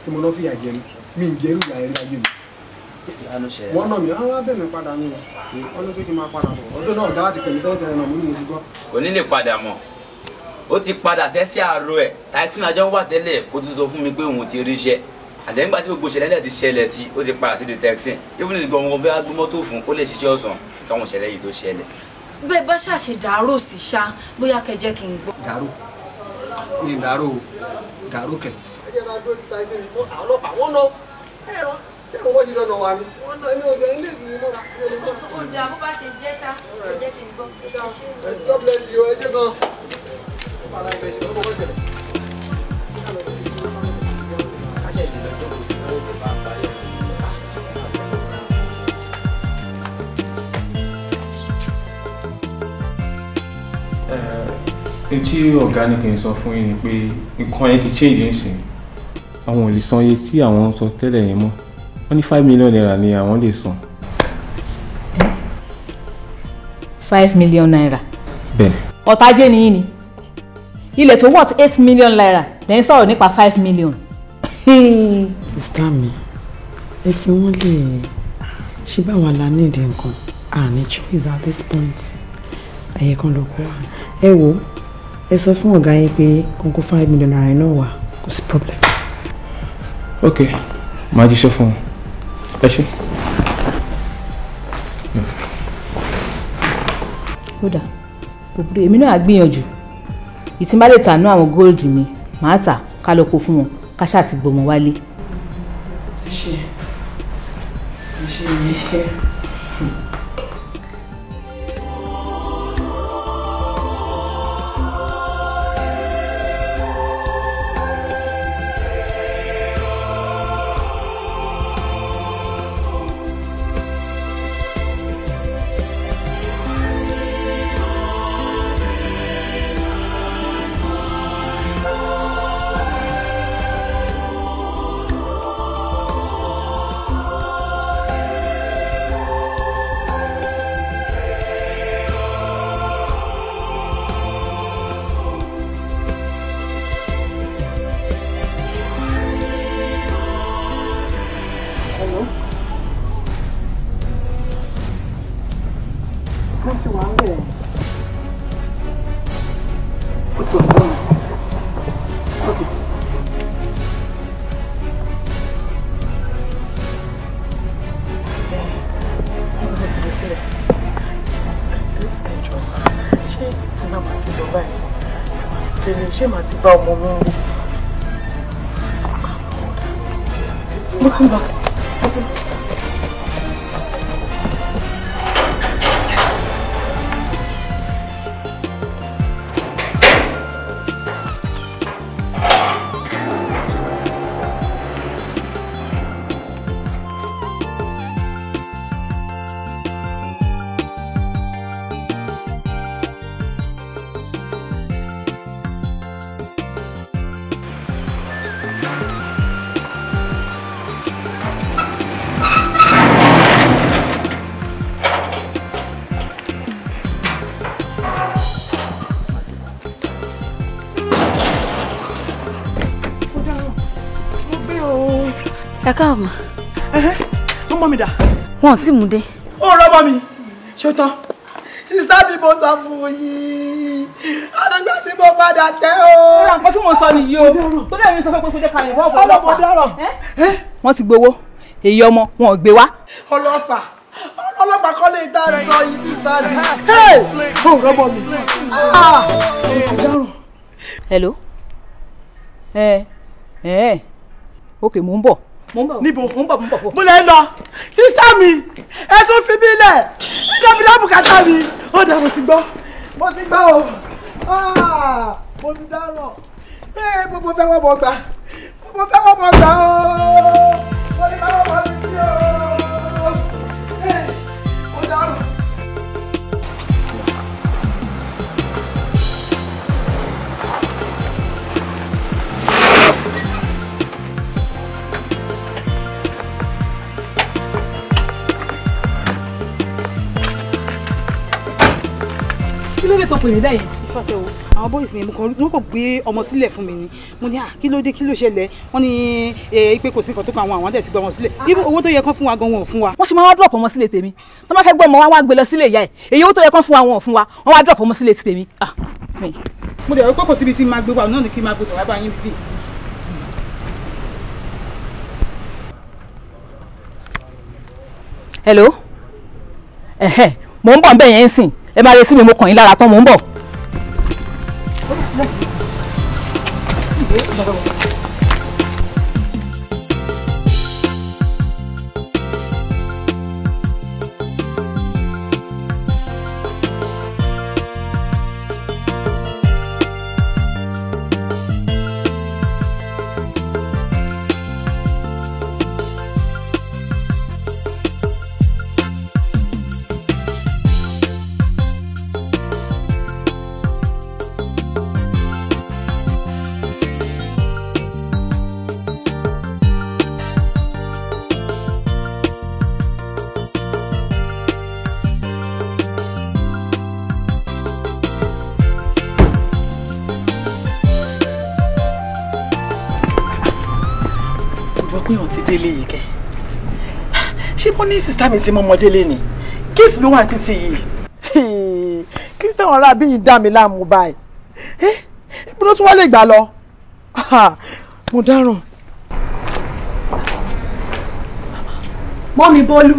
tí mo lọ fìyà jẹ mi mi ń jẹ́rù ìyá ẹ̀rí ayé mi wọ́n nà mí àwọn ah, abẹ́ mi padà nù wọ́n ní pé kí n máa padà bọ̀ ọdún náà ọ̀gá ti pẹ̀lú tọ́tẹ̀ náà mo ní mo ti gbọ́. kò ní lè padà mọ́ ó ti padà sẹ́sí àárọ̀ ẹ̀ táìtì náà jọ wà tẹ́lẹ̀ kó tún sọ fún mi pé òun ti ríṣẹ́ àtẹ̀yìngbà tí gbogbo ìṣẹ̀lẹ̀ náà ti ṣẹlẹ̀ sí ó ti padà sí the taxi even if gan wọn bá gbé mọ́tò fún kó lè ṣiṣẹ́ ọ̀sán káwọn ìṣẹ̀lẹ̀ yìí tó ṣẹlẹ̀. bẹ́ẹ̀ bá ṣàṣe dàárò sí ṣá bóyá kẹjẹ́ kí n gbọ́. dàárò ní ìdárò ìdárò kẹ. ẹ jẹ́ ra dúró títa ẹsẹ̀ nìkan àwọn ọlọ́pàá wọ́n náà ẹ̀rọ jẹ́ ìwọ́n ti dọ̀nà wa ni wọ́n náà ní oúnjẹ ilé ìgbìmọ̀ mọ́ra. ó dà bó bá ṣe jẹ́ ṣá ẹ jẹ́ kí n gbọ́. God bless you ẹ ṣe gan. ní tí ọ̀gá ní kì í sọ fún yín ni pé nǹkan yẹn ti change ń sìn. àwọn ò lè san iye tí àwọn ń sọ tẹ́lẹ̀ yẹn mọ́ wọ́n ní five million naira ni àwọn lè san. five million naira. bẹ́ẹ̀. ọ̀tajé ni yín ni ilẹ̀ tó worth eight million naira lẹ́yìn sọ̀rọ̀ nípa five million. sista mi ẹ fi wọn lè e. ṣe báwa la nídìí nǹkan àní choice at this point ẹ̀yẹ kan ló kó wa ẹ wò ó ẹ sọ fún ọ̀gá yín pé kóńkó five million naira náà wà kò sí problem. ok màá jíṣẹ́ fún wọn ẹ ṣe. kódà bòbúrò èmi náà á gbìyànjú ìtìmálẹ̀ tànú àwọn góòlù mi màá tà ká lọ kó fún wọn ká ṣáà ti gbọmọ wálé. ẹ ṣe ẹ ṣe ẹ ṣe. calma, in the. bom. káàmù. tó mọ́ mi dà. wọn ò tí mú dé. ó rọ́bọ̀ mi ṣó tán sísá mi mo sọ fún yín àtàgbà tí mo padà tẹ́ o. ó ra nǹkan tí mo sọ nìyí o tó lè rí sọ fún pé kó jẹ́ kalẹ̀ bọ́ọ̀bù ọlọ́pàá. wọ́n ti gbowó èyí ọmọ wọn ò gbé wá. ọlọ́pàá ọlọ́pàá kọ́ lè dá rẹ̀ lọ yìí sísá mi. ó rọ́bọ̀ mi. hello ẹ ẹ ok mò ń bọ̀ níbo mo lè lọ sísá mi ẹ tún fi mí lẹ̀ nítorí lábùkátà mi ó dà mo ti gbọ́ mo ti gbọ́ o ah, mo ti dáràn ee eh, gbogbo fẹ́ wọ́n mọ̀ gbà gbogbo fẹ́ wọ́n mọ̀ gbà o mo ti fẹ́ wọ́n mọ̀ sí o eh, mo dáràn. pè mí bẹ́yẹn. àwọn boys ni kàn wọ́n kò gbé ọmọ sílẹ̀ fún mi ni mo ní kí ló dé kí ló ṣẹlẹ̀ wọ́n ní pé kò sí nǹkan tó kan àwọn àwọn àdẹ̀ ti gbọ́ sílẹ̀ ibi ah, ah. owó tó yẹ kán fún wa gan wọn ò fún wa. wọ́n ṣe máa wá drop ọmọ sílẹ̀ tèmi tó máa fẹ́ gbọ́ ọmọ wa wá gbé lọ sílẹ̀ ìyá ẹ̀ èyí owó tó yẹ kán fún wa wọn ò fún wa wọ́n wá drop ọmọ sílẹ̀ tèmi. Ah, mo dẹ̀ rò pé kò síbi tí máa máa gbé hello mo ń bọ̀ ń bẹ̀ ẹ máa retí mi mo kàn yín lára tán mò ń bọ̀. sista mi ti mọ ọmọdé lé ni gate ló wà títí yìí. kí ni táwọn ará bíyìn dá mi láàmú báyìí ibi ló tún wá lè gbà lọ mo dáràn. mọ́mi bọ́lú.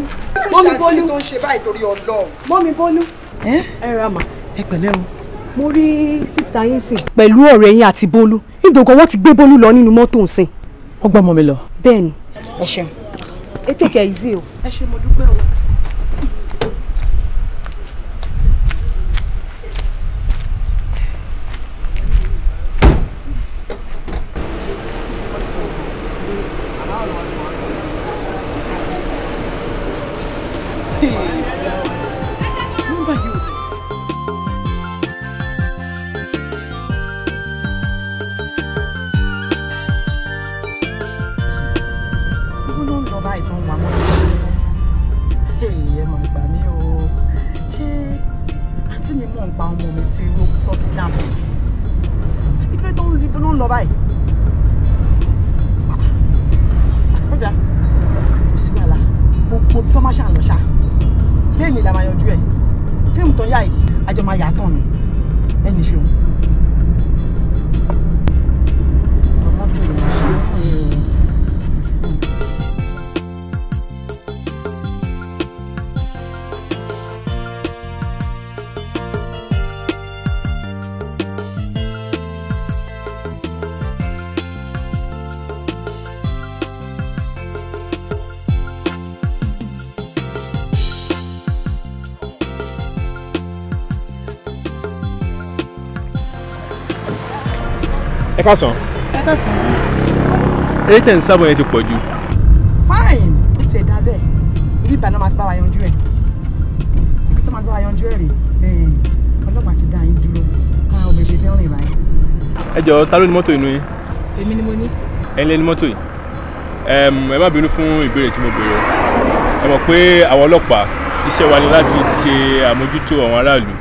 mọ́mi bọ́lú. tó ń mọ́mi bọ́lú. ẹ ra mà. ẹ pẹ̀lẹ́ o. mo rí sísá yín sìn. pẹ̀lú ọ̀rẹ́ yín àti bọ́lú nítorí wọ́n ti gbé bọ́lú lọ nínú mọ́tò ń sìn. wọ́n gbọ́ ọmọ mi lọ. bẹ́ẹ̀ ni. ẹ ṣeun. ètò ìkẹyìn sí o. lọ́wọ́ báyìí tó ń wà mọ́ ẹ mọ̀ ìgbà mi o ṣé àǹtí mi mọ̀ nípa ọmọ mi tí ó tọ́ fi dàbọ̀ ìpínlẹ̀ tó ń rí bó ló ń lọ báyìí kò sí wàhálà gbogbo bí wọ́n ṣàlọ́ ṣá lẹ́yìn la máa yanjú ẹ̀ fíìmù tó yá yìí àjọ máa tán ni ẹ̀ nìṣó. kásán. ẹ kásán. èyí tẹ̀ ń yẹn ti pọ̀ jù. fine ó ti ẹ̀dá bẹ́ẹ̀ ibi ìbànú máa ti bá wa yanjú ẹ̀ ibi tó máa bá wa yanjú ẹ̀ rèé ọlọ́pàá ti dá yín dúró ká ọbẹ̀ ṣe fẹ́ràn ìbá yín. ẹ jọ̀ọ́ ta ló ní mọ́tò inú yín. èmi ni mo ní. ẹ lé ní mọ́tò yìí ẹ má bínú fún ìbéèrè tí mo béèrè ẹ mọ̀ pé àwọn ọlọ́pàá iṣẹ́ wa ni láti ṣe àmójútó àwọn aráàlú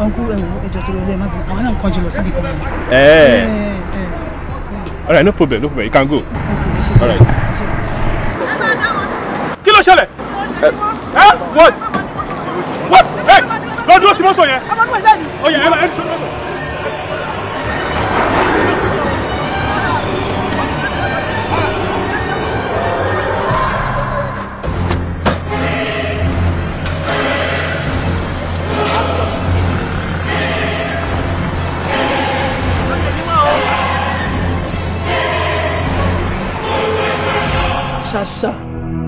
ọ̀nkú ẹ̀wọ̀ ẹ̀jọ̀ tó all right no problem no problem you can go all right. kí ló ṣẹlẹ̀ ẹ what what ẹ lọ dúró sí mọ́tò yẹn. ọmọ náà wà lẹ́nu. ṣàṣà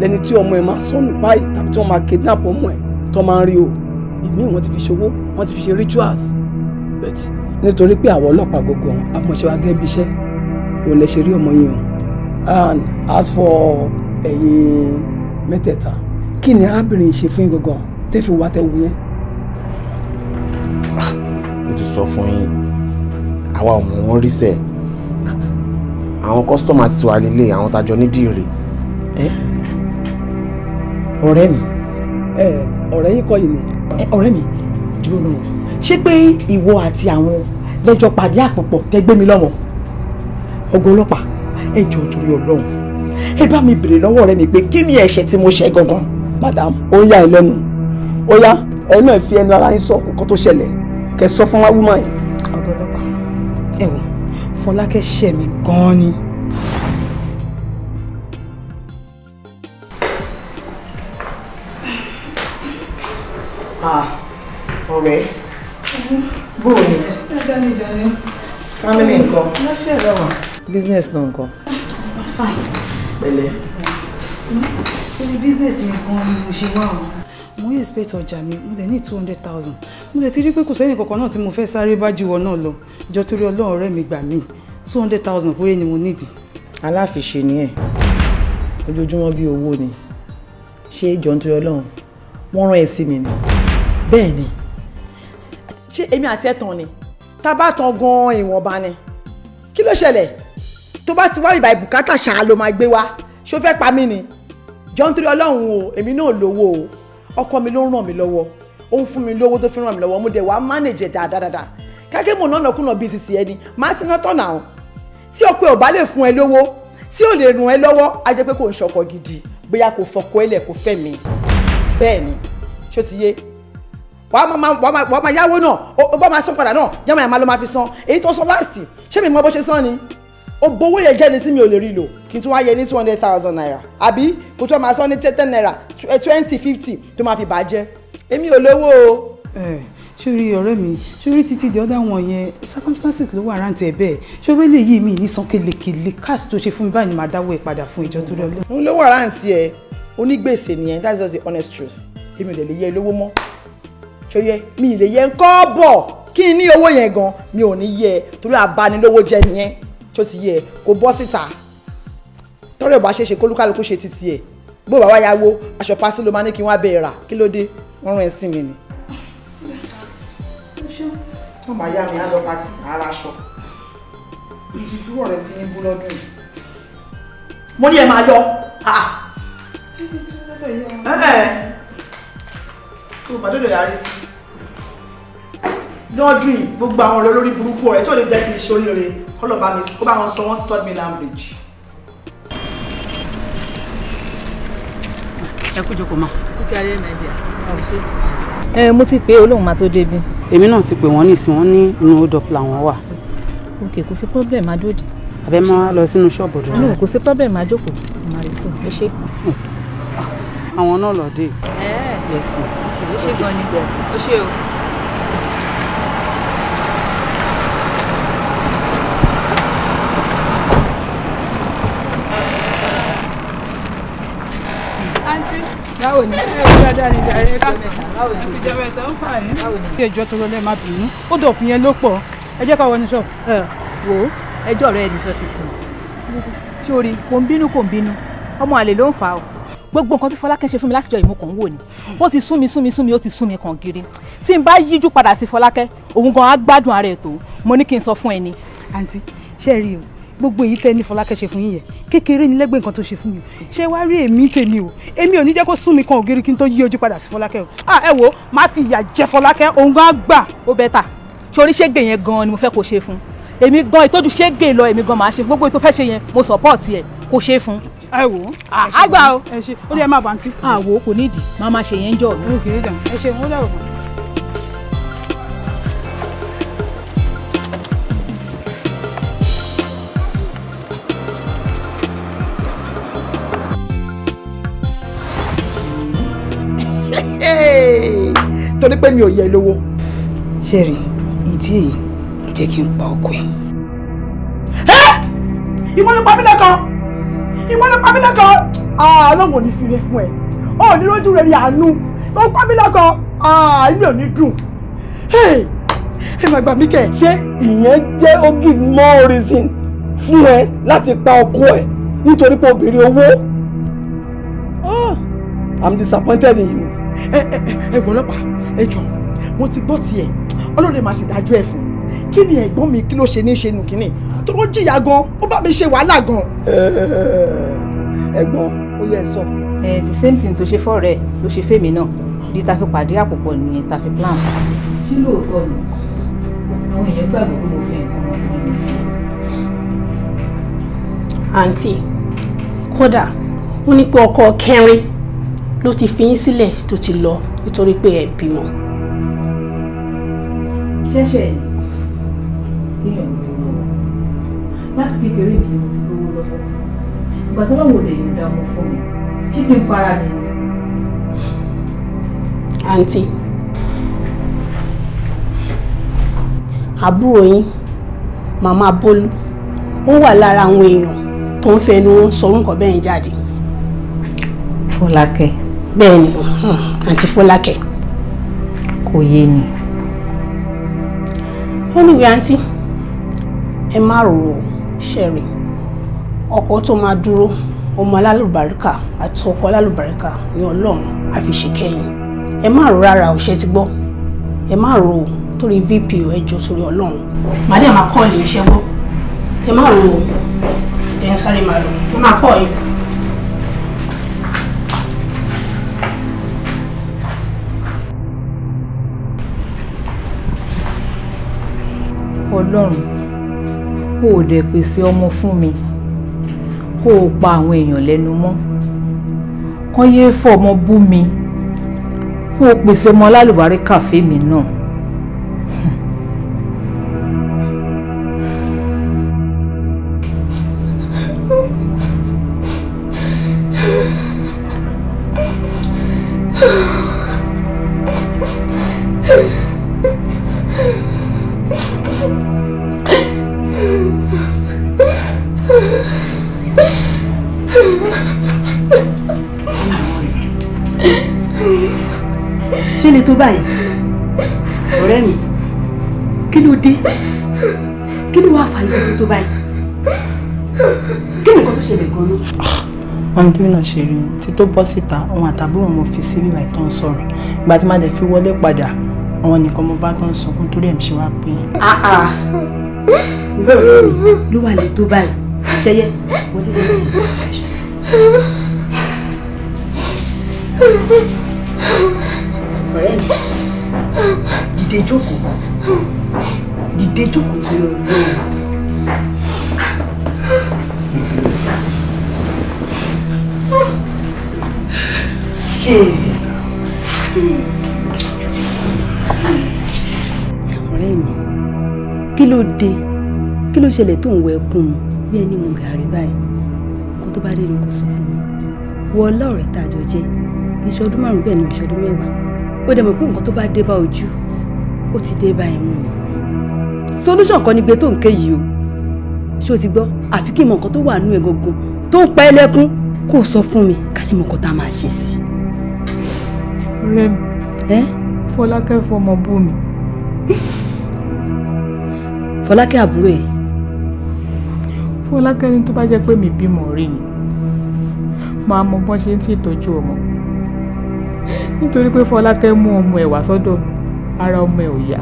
lẹni tí ọmọ ẹ máa sọnù báyìí tàbí tí wọ́n máa kidnap ọmọ ẹ tó máa rí o ìmí wọ́n ti fi ṣòwò wọ́n ti fi ṣe rituals but nítorí pé àwọn ọlọ́pàá gbogbo àmọ̀ṣe wa gẹ́gẹ́ bí iṣẹ́ òun lè ṣe rí ọmọ yín o and as for ẹ̀yin mẹ́tẹ̀ẹ̀ta kí ni arábìnrin ṣe fún yín gangan tẹ́ fi wá tẹ́wu yẹn. Ah, mo ti sọ fún yín àwa ò mọ̀ wọ́n rí sẹ́ẹ̀ àwọn kọ́sítọ́mù àti tiwa lélẹ̀ àwọn tájọ nídìí rèé ẹ eh? ọ̀rẹ́ mi. ẹ eh, ọ̀rẹ́ yín kọ́ yìí ni. ẹ eh, ọ̀rẹ́ mi dúró náà ṣé pé ìwọ àti àwọn lẹ́jọ́ pàdé àpòpọ̀ kẹ́ gbé mi lọ́mọ ọgọ́ ọlọ́pàá ẹ torí ọlọ́run ẹ bá mi bèrè lọ́wọ́ ọ̀rẹ́ mi pé kí ni ẹ̀ṣẹ̀ tí mo ṣe gangan. madam ó yà ẹ lẹ́nu ó yá ẹnu ẹ fi ẹnu ara yín sọ nǹkan tó ṣẹlẹ̀ kẹ́ sọ fún wa wúmọ yìí. ọgọ́ ọlọ́pàá ẹ wò Fọlákẹ́ ṣẹ̀ gan-an ni. ọ̀rẹ́ bóò ni. ẹja ni ìjà ni. family nǹkan. lọ́sẹ̀ lọ́wọ́. business náà nǹkan. fine. pẹ̀lẹ́. torí business mi gan ni mo ṣe mo yẹ expect ọjà mi mo dẹ̀ ní two hundred thousand mo dẹ̀ ti rí pé kò sẹ́yìn kankan náà tí mo fẹ́ sáré bá ju ìwọ náà lọ jọ torí ọlọ́run ọ̀rẹ́ mi gbà mí two hundred thousand péré ni mo nídìí. aláfiṣe ni ẹ ojoojúmọ́ bíi owó ni ṣé jọ̀ǹtorí ọlọ́run wọ́n rán ẹ sí mi ni bẹ́ẹ̀ ni ṣé èmi àti ẹ̀ tàn ni tá a bá tan gan ìwọ̀nba ni kí ló ṣẹlẹ̀ tó bá ti wá ìbà ìbùkátà ṣáà ló máa gbé wá ṣó fẹ́ pa mí ni jọ nítorí ọlọ́run o èmi náà lówó o ọkọ mi ló ń ràn mí lọ́wọ́ ó ń fún mi lówó tó fi ràn mí lọ́wọ́ mo dẹ̀ wá mánèjẹ̀ dáadáa kákẹ́ mò náà kùnà bíi sisi ẹni máa ti ná tọ̀nà o tí ọpẹ ò bá lè fún ẹ lówó tí ò lè ràn ẹ lọ́wọ́ á jẹ́ pé kò ń ṣọkọ gidi bóyá kò fọkọ ẹ lẹ̀ kò fẹ́ mi bẹ́ẹ̀ ni ṣó ti yé wàá máa wàá máa yáwó náà ó bá máa san padà náà yàmà yàmà ló máa fi san èyí tó san láàsì ṣé mi mọ bó ṣe san ni ó bowó yẹn jẹ́ ni tí mi ò lè rí lò kí n tún wá yẹ ní two hundred thousand naira àbí kò tún máa san ní ten naira eh, twenty fifty tó máa fi bàjẹ́ èmi ò lówó o. Eh, ṣórí ọ̀rẹ́ mi ṣórí títí di ọ̀dà wọn yẹn circumstances ló wà rántí ẹ̀ bẹ́ẹ̀ ṣórí lè yí mi ní san kelekele cash tó ṣe fún mi báyìí ni màá dáwọ́ ẹ̀ padà fún ìjọ tó rẹ lọ. n ló wà rántí ẹ onígbèsè nìyẹn that's just the honest truth èmi ò lè yẹ lówó mọ́ ṣòye mi ì lè yẹ ńkọ́ bọ̀ kí n ní owó yẹn gan mi ò ní yẹ torí àbánilówó jẹ nìyẹn tó ti yẹ kó bọ́ síta tọ́rọ̀ ìbá ṣeéṣe kó lúkálukú ṣe ti tiẹ̀ bó bàbá ya wo aṣọ pátí ló máa ní kí wọ́n á bẹ̀ rà kí ló dé wọ́n rán ẹ̀sìn mi ni. wọ́n máa yá mi á lọ pátí ara aṣọ ìtì fún ọ̀rẹ́ sí ní búlọ́dún yìí. mo ní ẹ máa lọ. Ah. tó o bá dọ̀dọ̀ yàrá sí i lọ́dún yìí gbogbo àwọn ọ̀rẹ́ lórí burúkú ọ̀rẹ́ tí ò lè jẹ́ kí n ṣe oríire kọ́ lọ́ọ́ bá mi kó bá wọn sọ wọ́n stop me language. ẹ kú jókòó ma. kúkẹ́ ayé mi ẹ̀dẹ̀ ẹ mo ti pe olóhùn máa tó débi. èmi náà ti pè wọ́n nísìn wọ́n ní inú hold làwọn wà. òkè kò sí problem adódì. àbẹ máa lọ sínú ṣọ́ọ̀bù rẹ. inú kò sí problem àjókòó màá rí sí i ó ṣe. àwọn náà lọ dé. ẹ ẹ yẹ sí i. ṣe gan ni ó ṣe o. báwo ni ẹ wọ́n dáadáa ní ìjà rẹ̀ káàkiri báwo ni ìjọba ẹ̀ta ó fà yín. ilé ìjọ tó rọlẹ́ máa bínú ó dọ̀kun yẹn ló pọ̀ ẹ jẹ́ ká wọ ní ṣọ́ọ̀bù. ẹ wo ẹjọ́ rẹ ẹnì kan ti sùn sórí kò ń bínú kò ń bínú ọmọ àlè ló ń fa o gbogbo nǹkan tí fọlákẹ́ ṣe fún mi látijọ́ ìmú kan wò ni ó ti sún mi sún mi sún mi ó ti sún mi kàn gírí tí n bá yíjú padà sí fọlákẹ́ òun gan á gbádùn ara ẹ̀ tó mo ní kí n sọ fún ẹni. àǹtí ṣe é rí o gbogbo èyí tẹ́ ní fọlákẹ́ ṣe fún yín yẹn kékeré ni lẹ́gbẹ̀ẹ́ nǹkan tó ṣe fún mi ṣé wàá rí èmi tèmi o èmi ò ní jẹ́ kó sún mi kan ògiri kí n tó yí ojú padà sí fọlákẹ́ o ah ẹ wo má fi ìyà jẹ fọlákẹ́ òun gan gbà. ó bẹ́ẹ̀ ta sórí ṣégbè yẹn gan ni mo fẹ́ kó ṣe fún èmi gan ìtọ́jú ṣégbè lọ èmi gan máa ṣe fún gbogbo ètò fẹ́ ṣe yẹn mo support ẹ kó ṣe fún. ẹ wo ah, àgbà o ẹ ṣe ó ní ẹ má bàǹtí. àwo ah, kò nídìí má má ṣe yẹn jọ mi. ok ẹ ṣe mo lẹ́rù kan. pé mi ò yẹ lówó. ṣẹ́rí ìdí èyí ló jẹ́ kí n pa ọkọ ẹ̀. ẹ ìwọ ló pa mí lẹ́kọ̀ọ́ ìwọ ló pa mí lẹ́kọ̀ọ́ ọlọ́run ò ní fi re fún ẹ ọ ò ní rójú rẹ rí àánú ó pa mí lẹ́kọ̀ọ́ inú ò ní dùn ẹ má gbà mí kẹ́. ṣé ìyẹn jẹ́ ó give more reason fún ẹ láti pa ọkọ ẹ nítorí pé obìnrin owó. Ah! I'm disappointed in you ẹ ẹ ẹ wọ ọlọ́pàá ẹ jọ wọn ti gbọ́ tiẹ̀ ọlọ́run máa ṣe dájọ́ ẹ̀ fún kí ni ẹ̀gbọ́n mi kí ló ṣe ní ṣe nù kínní tó ló jìyà gan ó bá mi ṣe wàhálà gan. ẹ̀gbọ́n ó yẹ sọ. ẹ the same thing tó ṣe fọ́ọ̀rẹ́ ló ṣe fèmí náà di ta fi pàdé àpòpọ̀ nìyẹn ta fi plan. ṣé lóòótọ́ ni àwọn èèyàn gbàgbọ́ pé mo fẹ́ nǹkan ọmọkùnrin mi. àǹtí kódà ó ní pé ọkọ kẹrin ló ti fi yín sílẹ̀ tó ti lọ nítorí pé ẹ bímọ. ṣẹ́ṣẹ́ yìí èèyàn kò lówó láti kékeré mi ni mo ti lówó lọ́wọ́ ìgbà tó lọ́wọ́ òde yìí dá ọmọ fún mi ṣé kí n para mi. àǹtí àbúrò yín màmá bólú ó wà lára àwọn èèyàn tó ń fẹnu wọn sọrú bẹ́ẹ̀ jáde. fọlákẹ́ bẹ́ẹ̀ ni àǹtí hmm, fọlákẹ́. kò yé ni. olùwẹ̀ àǹtí ẹ má rò ó ṣẹ̀rì ọkọ tó máa dúró ọmọ alálùbáríkà àti ọkọ alálùbáríkà ni ọlọ́run àfiṣèkẹ́yìn ẹ má rò rárá ọ̀ṣẹ́ ti gbọ́ ẹ má rò ó torí vp ò ẹjọ́ torí ọlọ́run màdé àmà kọ́ọ̀lì iṣẹ́ gbọ́ ẹ má rò ó ẹ̀ ń sáré màá lọ ẹ má kọ́ọ̀lì. ọlọ́run kó o dẹ̀ pèsè ọmọ fún mi kó o pa àwọn èèyàn lẹ́nu mọ́ kán yéé fọ ọmọ bú mi kó o pèsè ọmọ alálùbáríkà fèmí náà wọn kí náà ṣe rí tí tó bọ́ síta òun àtàbúrò mo fi sí bíbá ìtàn sọ̀rọ̀ ìgbà tí má dẹ̀ fi wọlé padà àwọn nìkan mo bá tán sunkún torí ẹ̀ ń ṣe wá pé. Ah, ah. ló wà lè tó báyìí ṣẹyẹ wọlé lẹ́tì ẹ̀ṣọ́. ṣẹlẹ̀ tó ń wẹ kún un bí ẹni mu gàrí báyìí kó tó bá dé ni kò sọ fún mi wọ ọlá ọ̀rẹ́ tá a jọ jẹ́ ìṣọdún márùn bẹ́ẹ̀ ni ìṣọdún mẹ́wàá ó dẹ̀ mọ̀ pé nǹkan tó bá dé bá ojú ó ti dé bá ẹ̀mú mi solution kan ni gbé tó ń ké yìí o ṣé o ti gbọ́ àfi kí n mọ nǹkan tó wà nú ẹ̀ gangan tó ń pa ẹ́ kó sọ fún mi ká lè mọ nǹkan tá a máa ṣe sí i. ọ̀rẹ́ mi fọlákẹ́ fọmọ ẹ̀ fọlákẹ́ni tó bá jẹ́ pé mi bímọ rí ni máa mọ bọ́n ṣe ń ṣètọ́jú ọmọ nítorí pé fọlákẹ́ mú ọmọ ẹ̀ wá sọ́dọ̀ ara ọmọ ẹ̀ ò yá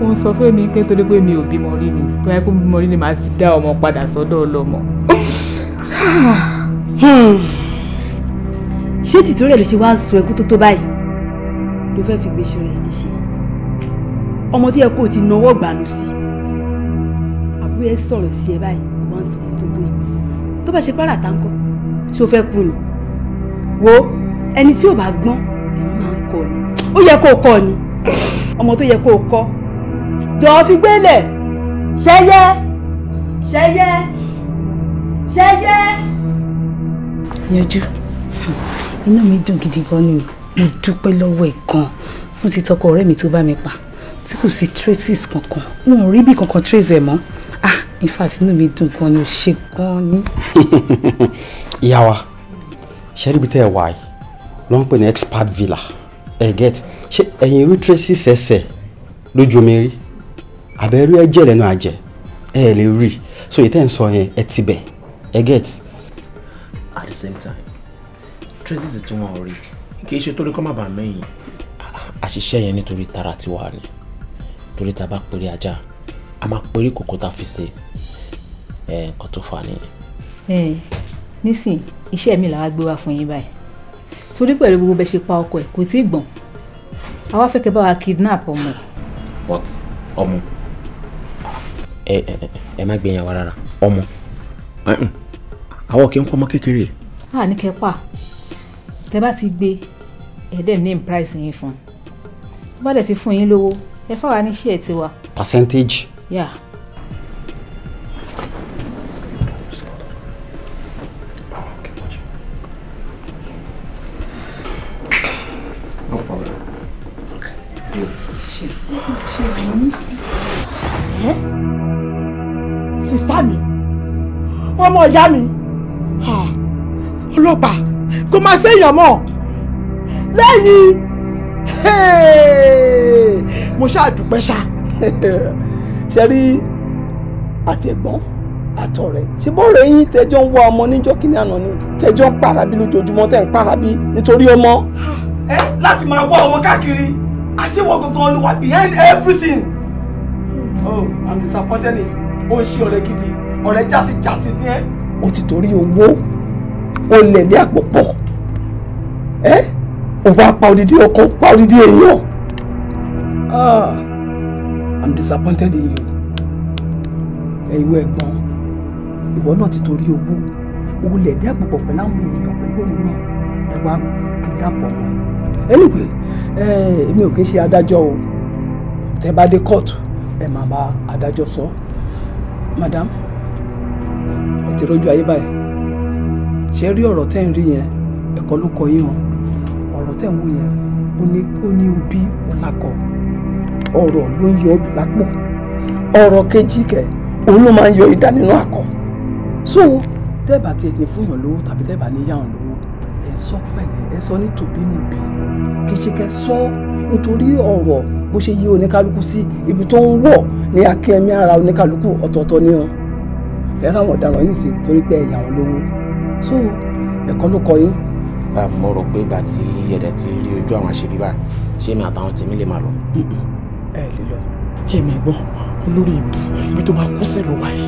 wọ́n sọ fún mi pé torí pé mi ò bímọ rí ni tó yẹ kó bímọ rí ni màá ti dá ọmọ padà sọ́dọ̀ ọlọ́mọ. ṣé tìtorí ẹ̀ ló ṣe wá ń sun ẹkú tó tó báyìí ló fẹ́ fi gbèsè rẹ̀ léṣe ọmọ tó yẹ kó o ti náwó gbàánu sí i wí ẹ sọ̀rọ̀ sí ẹ báyìí ìwọ ń sọ fún gbogbo yìí tó bá ṣe pàrà tá ń kọ ṣé o fẹ́ kú ni wo ẹni tí ò bá gbọ́n èèyàn máa ń kọ ni ó yẹ kó o kọ ni ọmọ tó yẹ kó o kọ jọ̀ọ́ fi gbélẹ̀ ṣẹ́yẹ́ ṣẹ́yẹ́ ṣẹ́yẹ́. yanjú inú mi dùn gidi gan ni mo dúpẹ́ lọ́wọ́ ẹ̀ gan fún títọ́kọ ọ̀rẹ́ mi tó bá mi pa tí kò sí traces kankan wọn ò rí bí kankan trace ẹ̀ mọ́ ah ìfà sínú mi dùn gan ni ó ṣe gan ni. ìyá wa ṣẹ́ríbi tẹ́ ẹ wà yìí ló ń pè ní expat villa ẹ get ṣé ẹ̀yin irú tracy ṣẹ̀ṣẹ̀ lójú omi rí àbẹ̀rù ẹ̀jẹ̀ lẹ́nu àjẹ́ ẹ lè rí so èyí tẹ́ ń sọ yẹn ẹ ti bẹ̀ ẹ get. at the same time tracy ti tún wọn rí kì í ṣe torí kọ́ má bàa mẹ́yìn àṣìṣe yẹn nítorí tara tiwa ni torí ta bá pèrè ajá a máa péré kòkó tá a fi ṣe nǹkan tó fà nìyẹn. nísìn iṣẹ́ mi làwa gbé wá fún yín báyìí torí pẹ̀lú gbogbo bẹ́ẹ̀ ṣe pa ọkọ ẹ̀ kò tí ì gbọ̀n àwa fẹ́ kẹ́ bá wa kidnap ọmọ ẹ̀. what ọmọ ẹ ẹ ẹ má gbé yẹn wá rárá ọmọ àwọn kì í kọ́ ọmọ kékeré. a ní kẹ́ pa tẹ bá ti gbé ẹ̀ẹ́dẹ̀ name price yín fún un bá dẹ̀ ti fún yín lówó ẹ fáwa ní ṣíẹ̀ tiwa. percentage Yeah. No problem. Okay. Deal. Chill. Chill. Eh? Sister mi. Ọmọ ìyá mi. Ọlọ́pàá kò máa ṣèyàn mọ́. Lẹ́yìn. Mo ṣáà dúpẹ́ ṣá. ṣe rí àtẹ̀gbọ́n àtọ̀rẹ́ ṣe bọ́ọ̀rọ̀ eyín tẹjọ́ ń wá ọmọ níjọ́ kìíní àná ni tẹjọ́ ń pàràbí lójoojúmọ́ tẹ̀ ń pàràbí nítorí ọmọ. ẹ láti máa wá ọmọ káàkiri àṣewọ gangan ló wà behind everything. oh i'm disappointed in you ó ń ṣe ọ̀rẹ́ gidi ọ̀rẹ́ jàtijàti ní ẹ. o ti torí owó o lè ní àpò pọ̀ ẹ o wá pa odidi ọkọ pa odidi èèyàn. Ah i'm disappointed in you ẹ̀yin ẹ̀gbọ́n ìwọ náà ti torí owó owó lẹ̀ dẹ́ àpòpọ̀ pẹ̀lú àwọn èèyàn pẹ̀lú òun náà ẹ wá kidnapper wọn anyway èmi ò kí ń ṣe adájọ́ o tẹ́ bá dé kóòtù ẹ máa bá adájọ́ sọ madam ẹ ti rọ́jú ayé báyìí ṣe rí ọ̀rọ̀ tẹ́ ń rí yẹn ẹ̀kọ́ ló kọ yín o ọ̀rọ̀ tẹ́ ń wò yẹn ó ní ó ní òbí ọ̀làkọ̀ọ́ ọ̀rọ̀ ló ń yọ lápò ọ̀rọ̀ kejì kẹ òun ló máa ń yọ idà nínú àkọ so tẹ́ẹ̀bà tiẹ̀ ní fún yàn lówó tàbí tẹ́ẹ̀bà ní yàn lówó ẹ sọ pẹ̀lẹ́ ẹ sọ ní tòbínúbí kì í ṣe kẹ sọ nítorí ọ̀rọ̀ bó ṣe yí oníkálukú sí ibi tó ń wọ̀ ní akẹ́mí ara oníkálukú ọ̀tọ̀ọ̀tọ̀ ni wọn ẹ ráwọn ọ̀daràn yìí sí torí pé ẹ̀yà wọn lówó so ẹ̀kọ́ ló kọ yín. mo rò pé ìgbà tí ẹ̀rẹ̀ ti rí ojú àwọn àṣebí báyìí ṣé mi àtàwọn tèmi lè máa lọ ẹ lè lọ. èmi gbọ́ olórí ìbú ibi tó máa kú sí ló wáyé.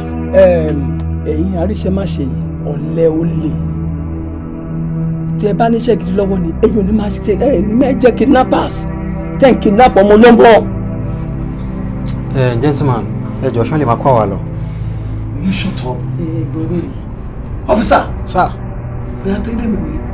ẹ̀yin àríṣẹ́máṣe ọ̀lẹ olè tí ẹ bá níṣẹ́ gidi lọ́wọ́ ni èyí ò ní máa ṣe ẹ ní mẹ́ẹ̀ jẹ́ kidnappers ten kidnap ọmọ olóńgbò. ẹ gentleman ẹ jọ ṣán lè máa kó àwa lọ. you shut up. ẹ gbọ́ wẹ̀rẹ̀. officer. sir. bóyá tẹ́lẹ̀ mi wí.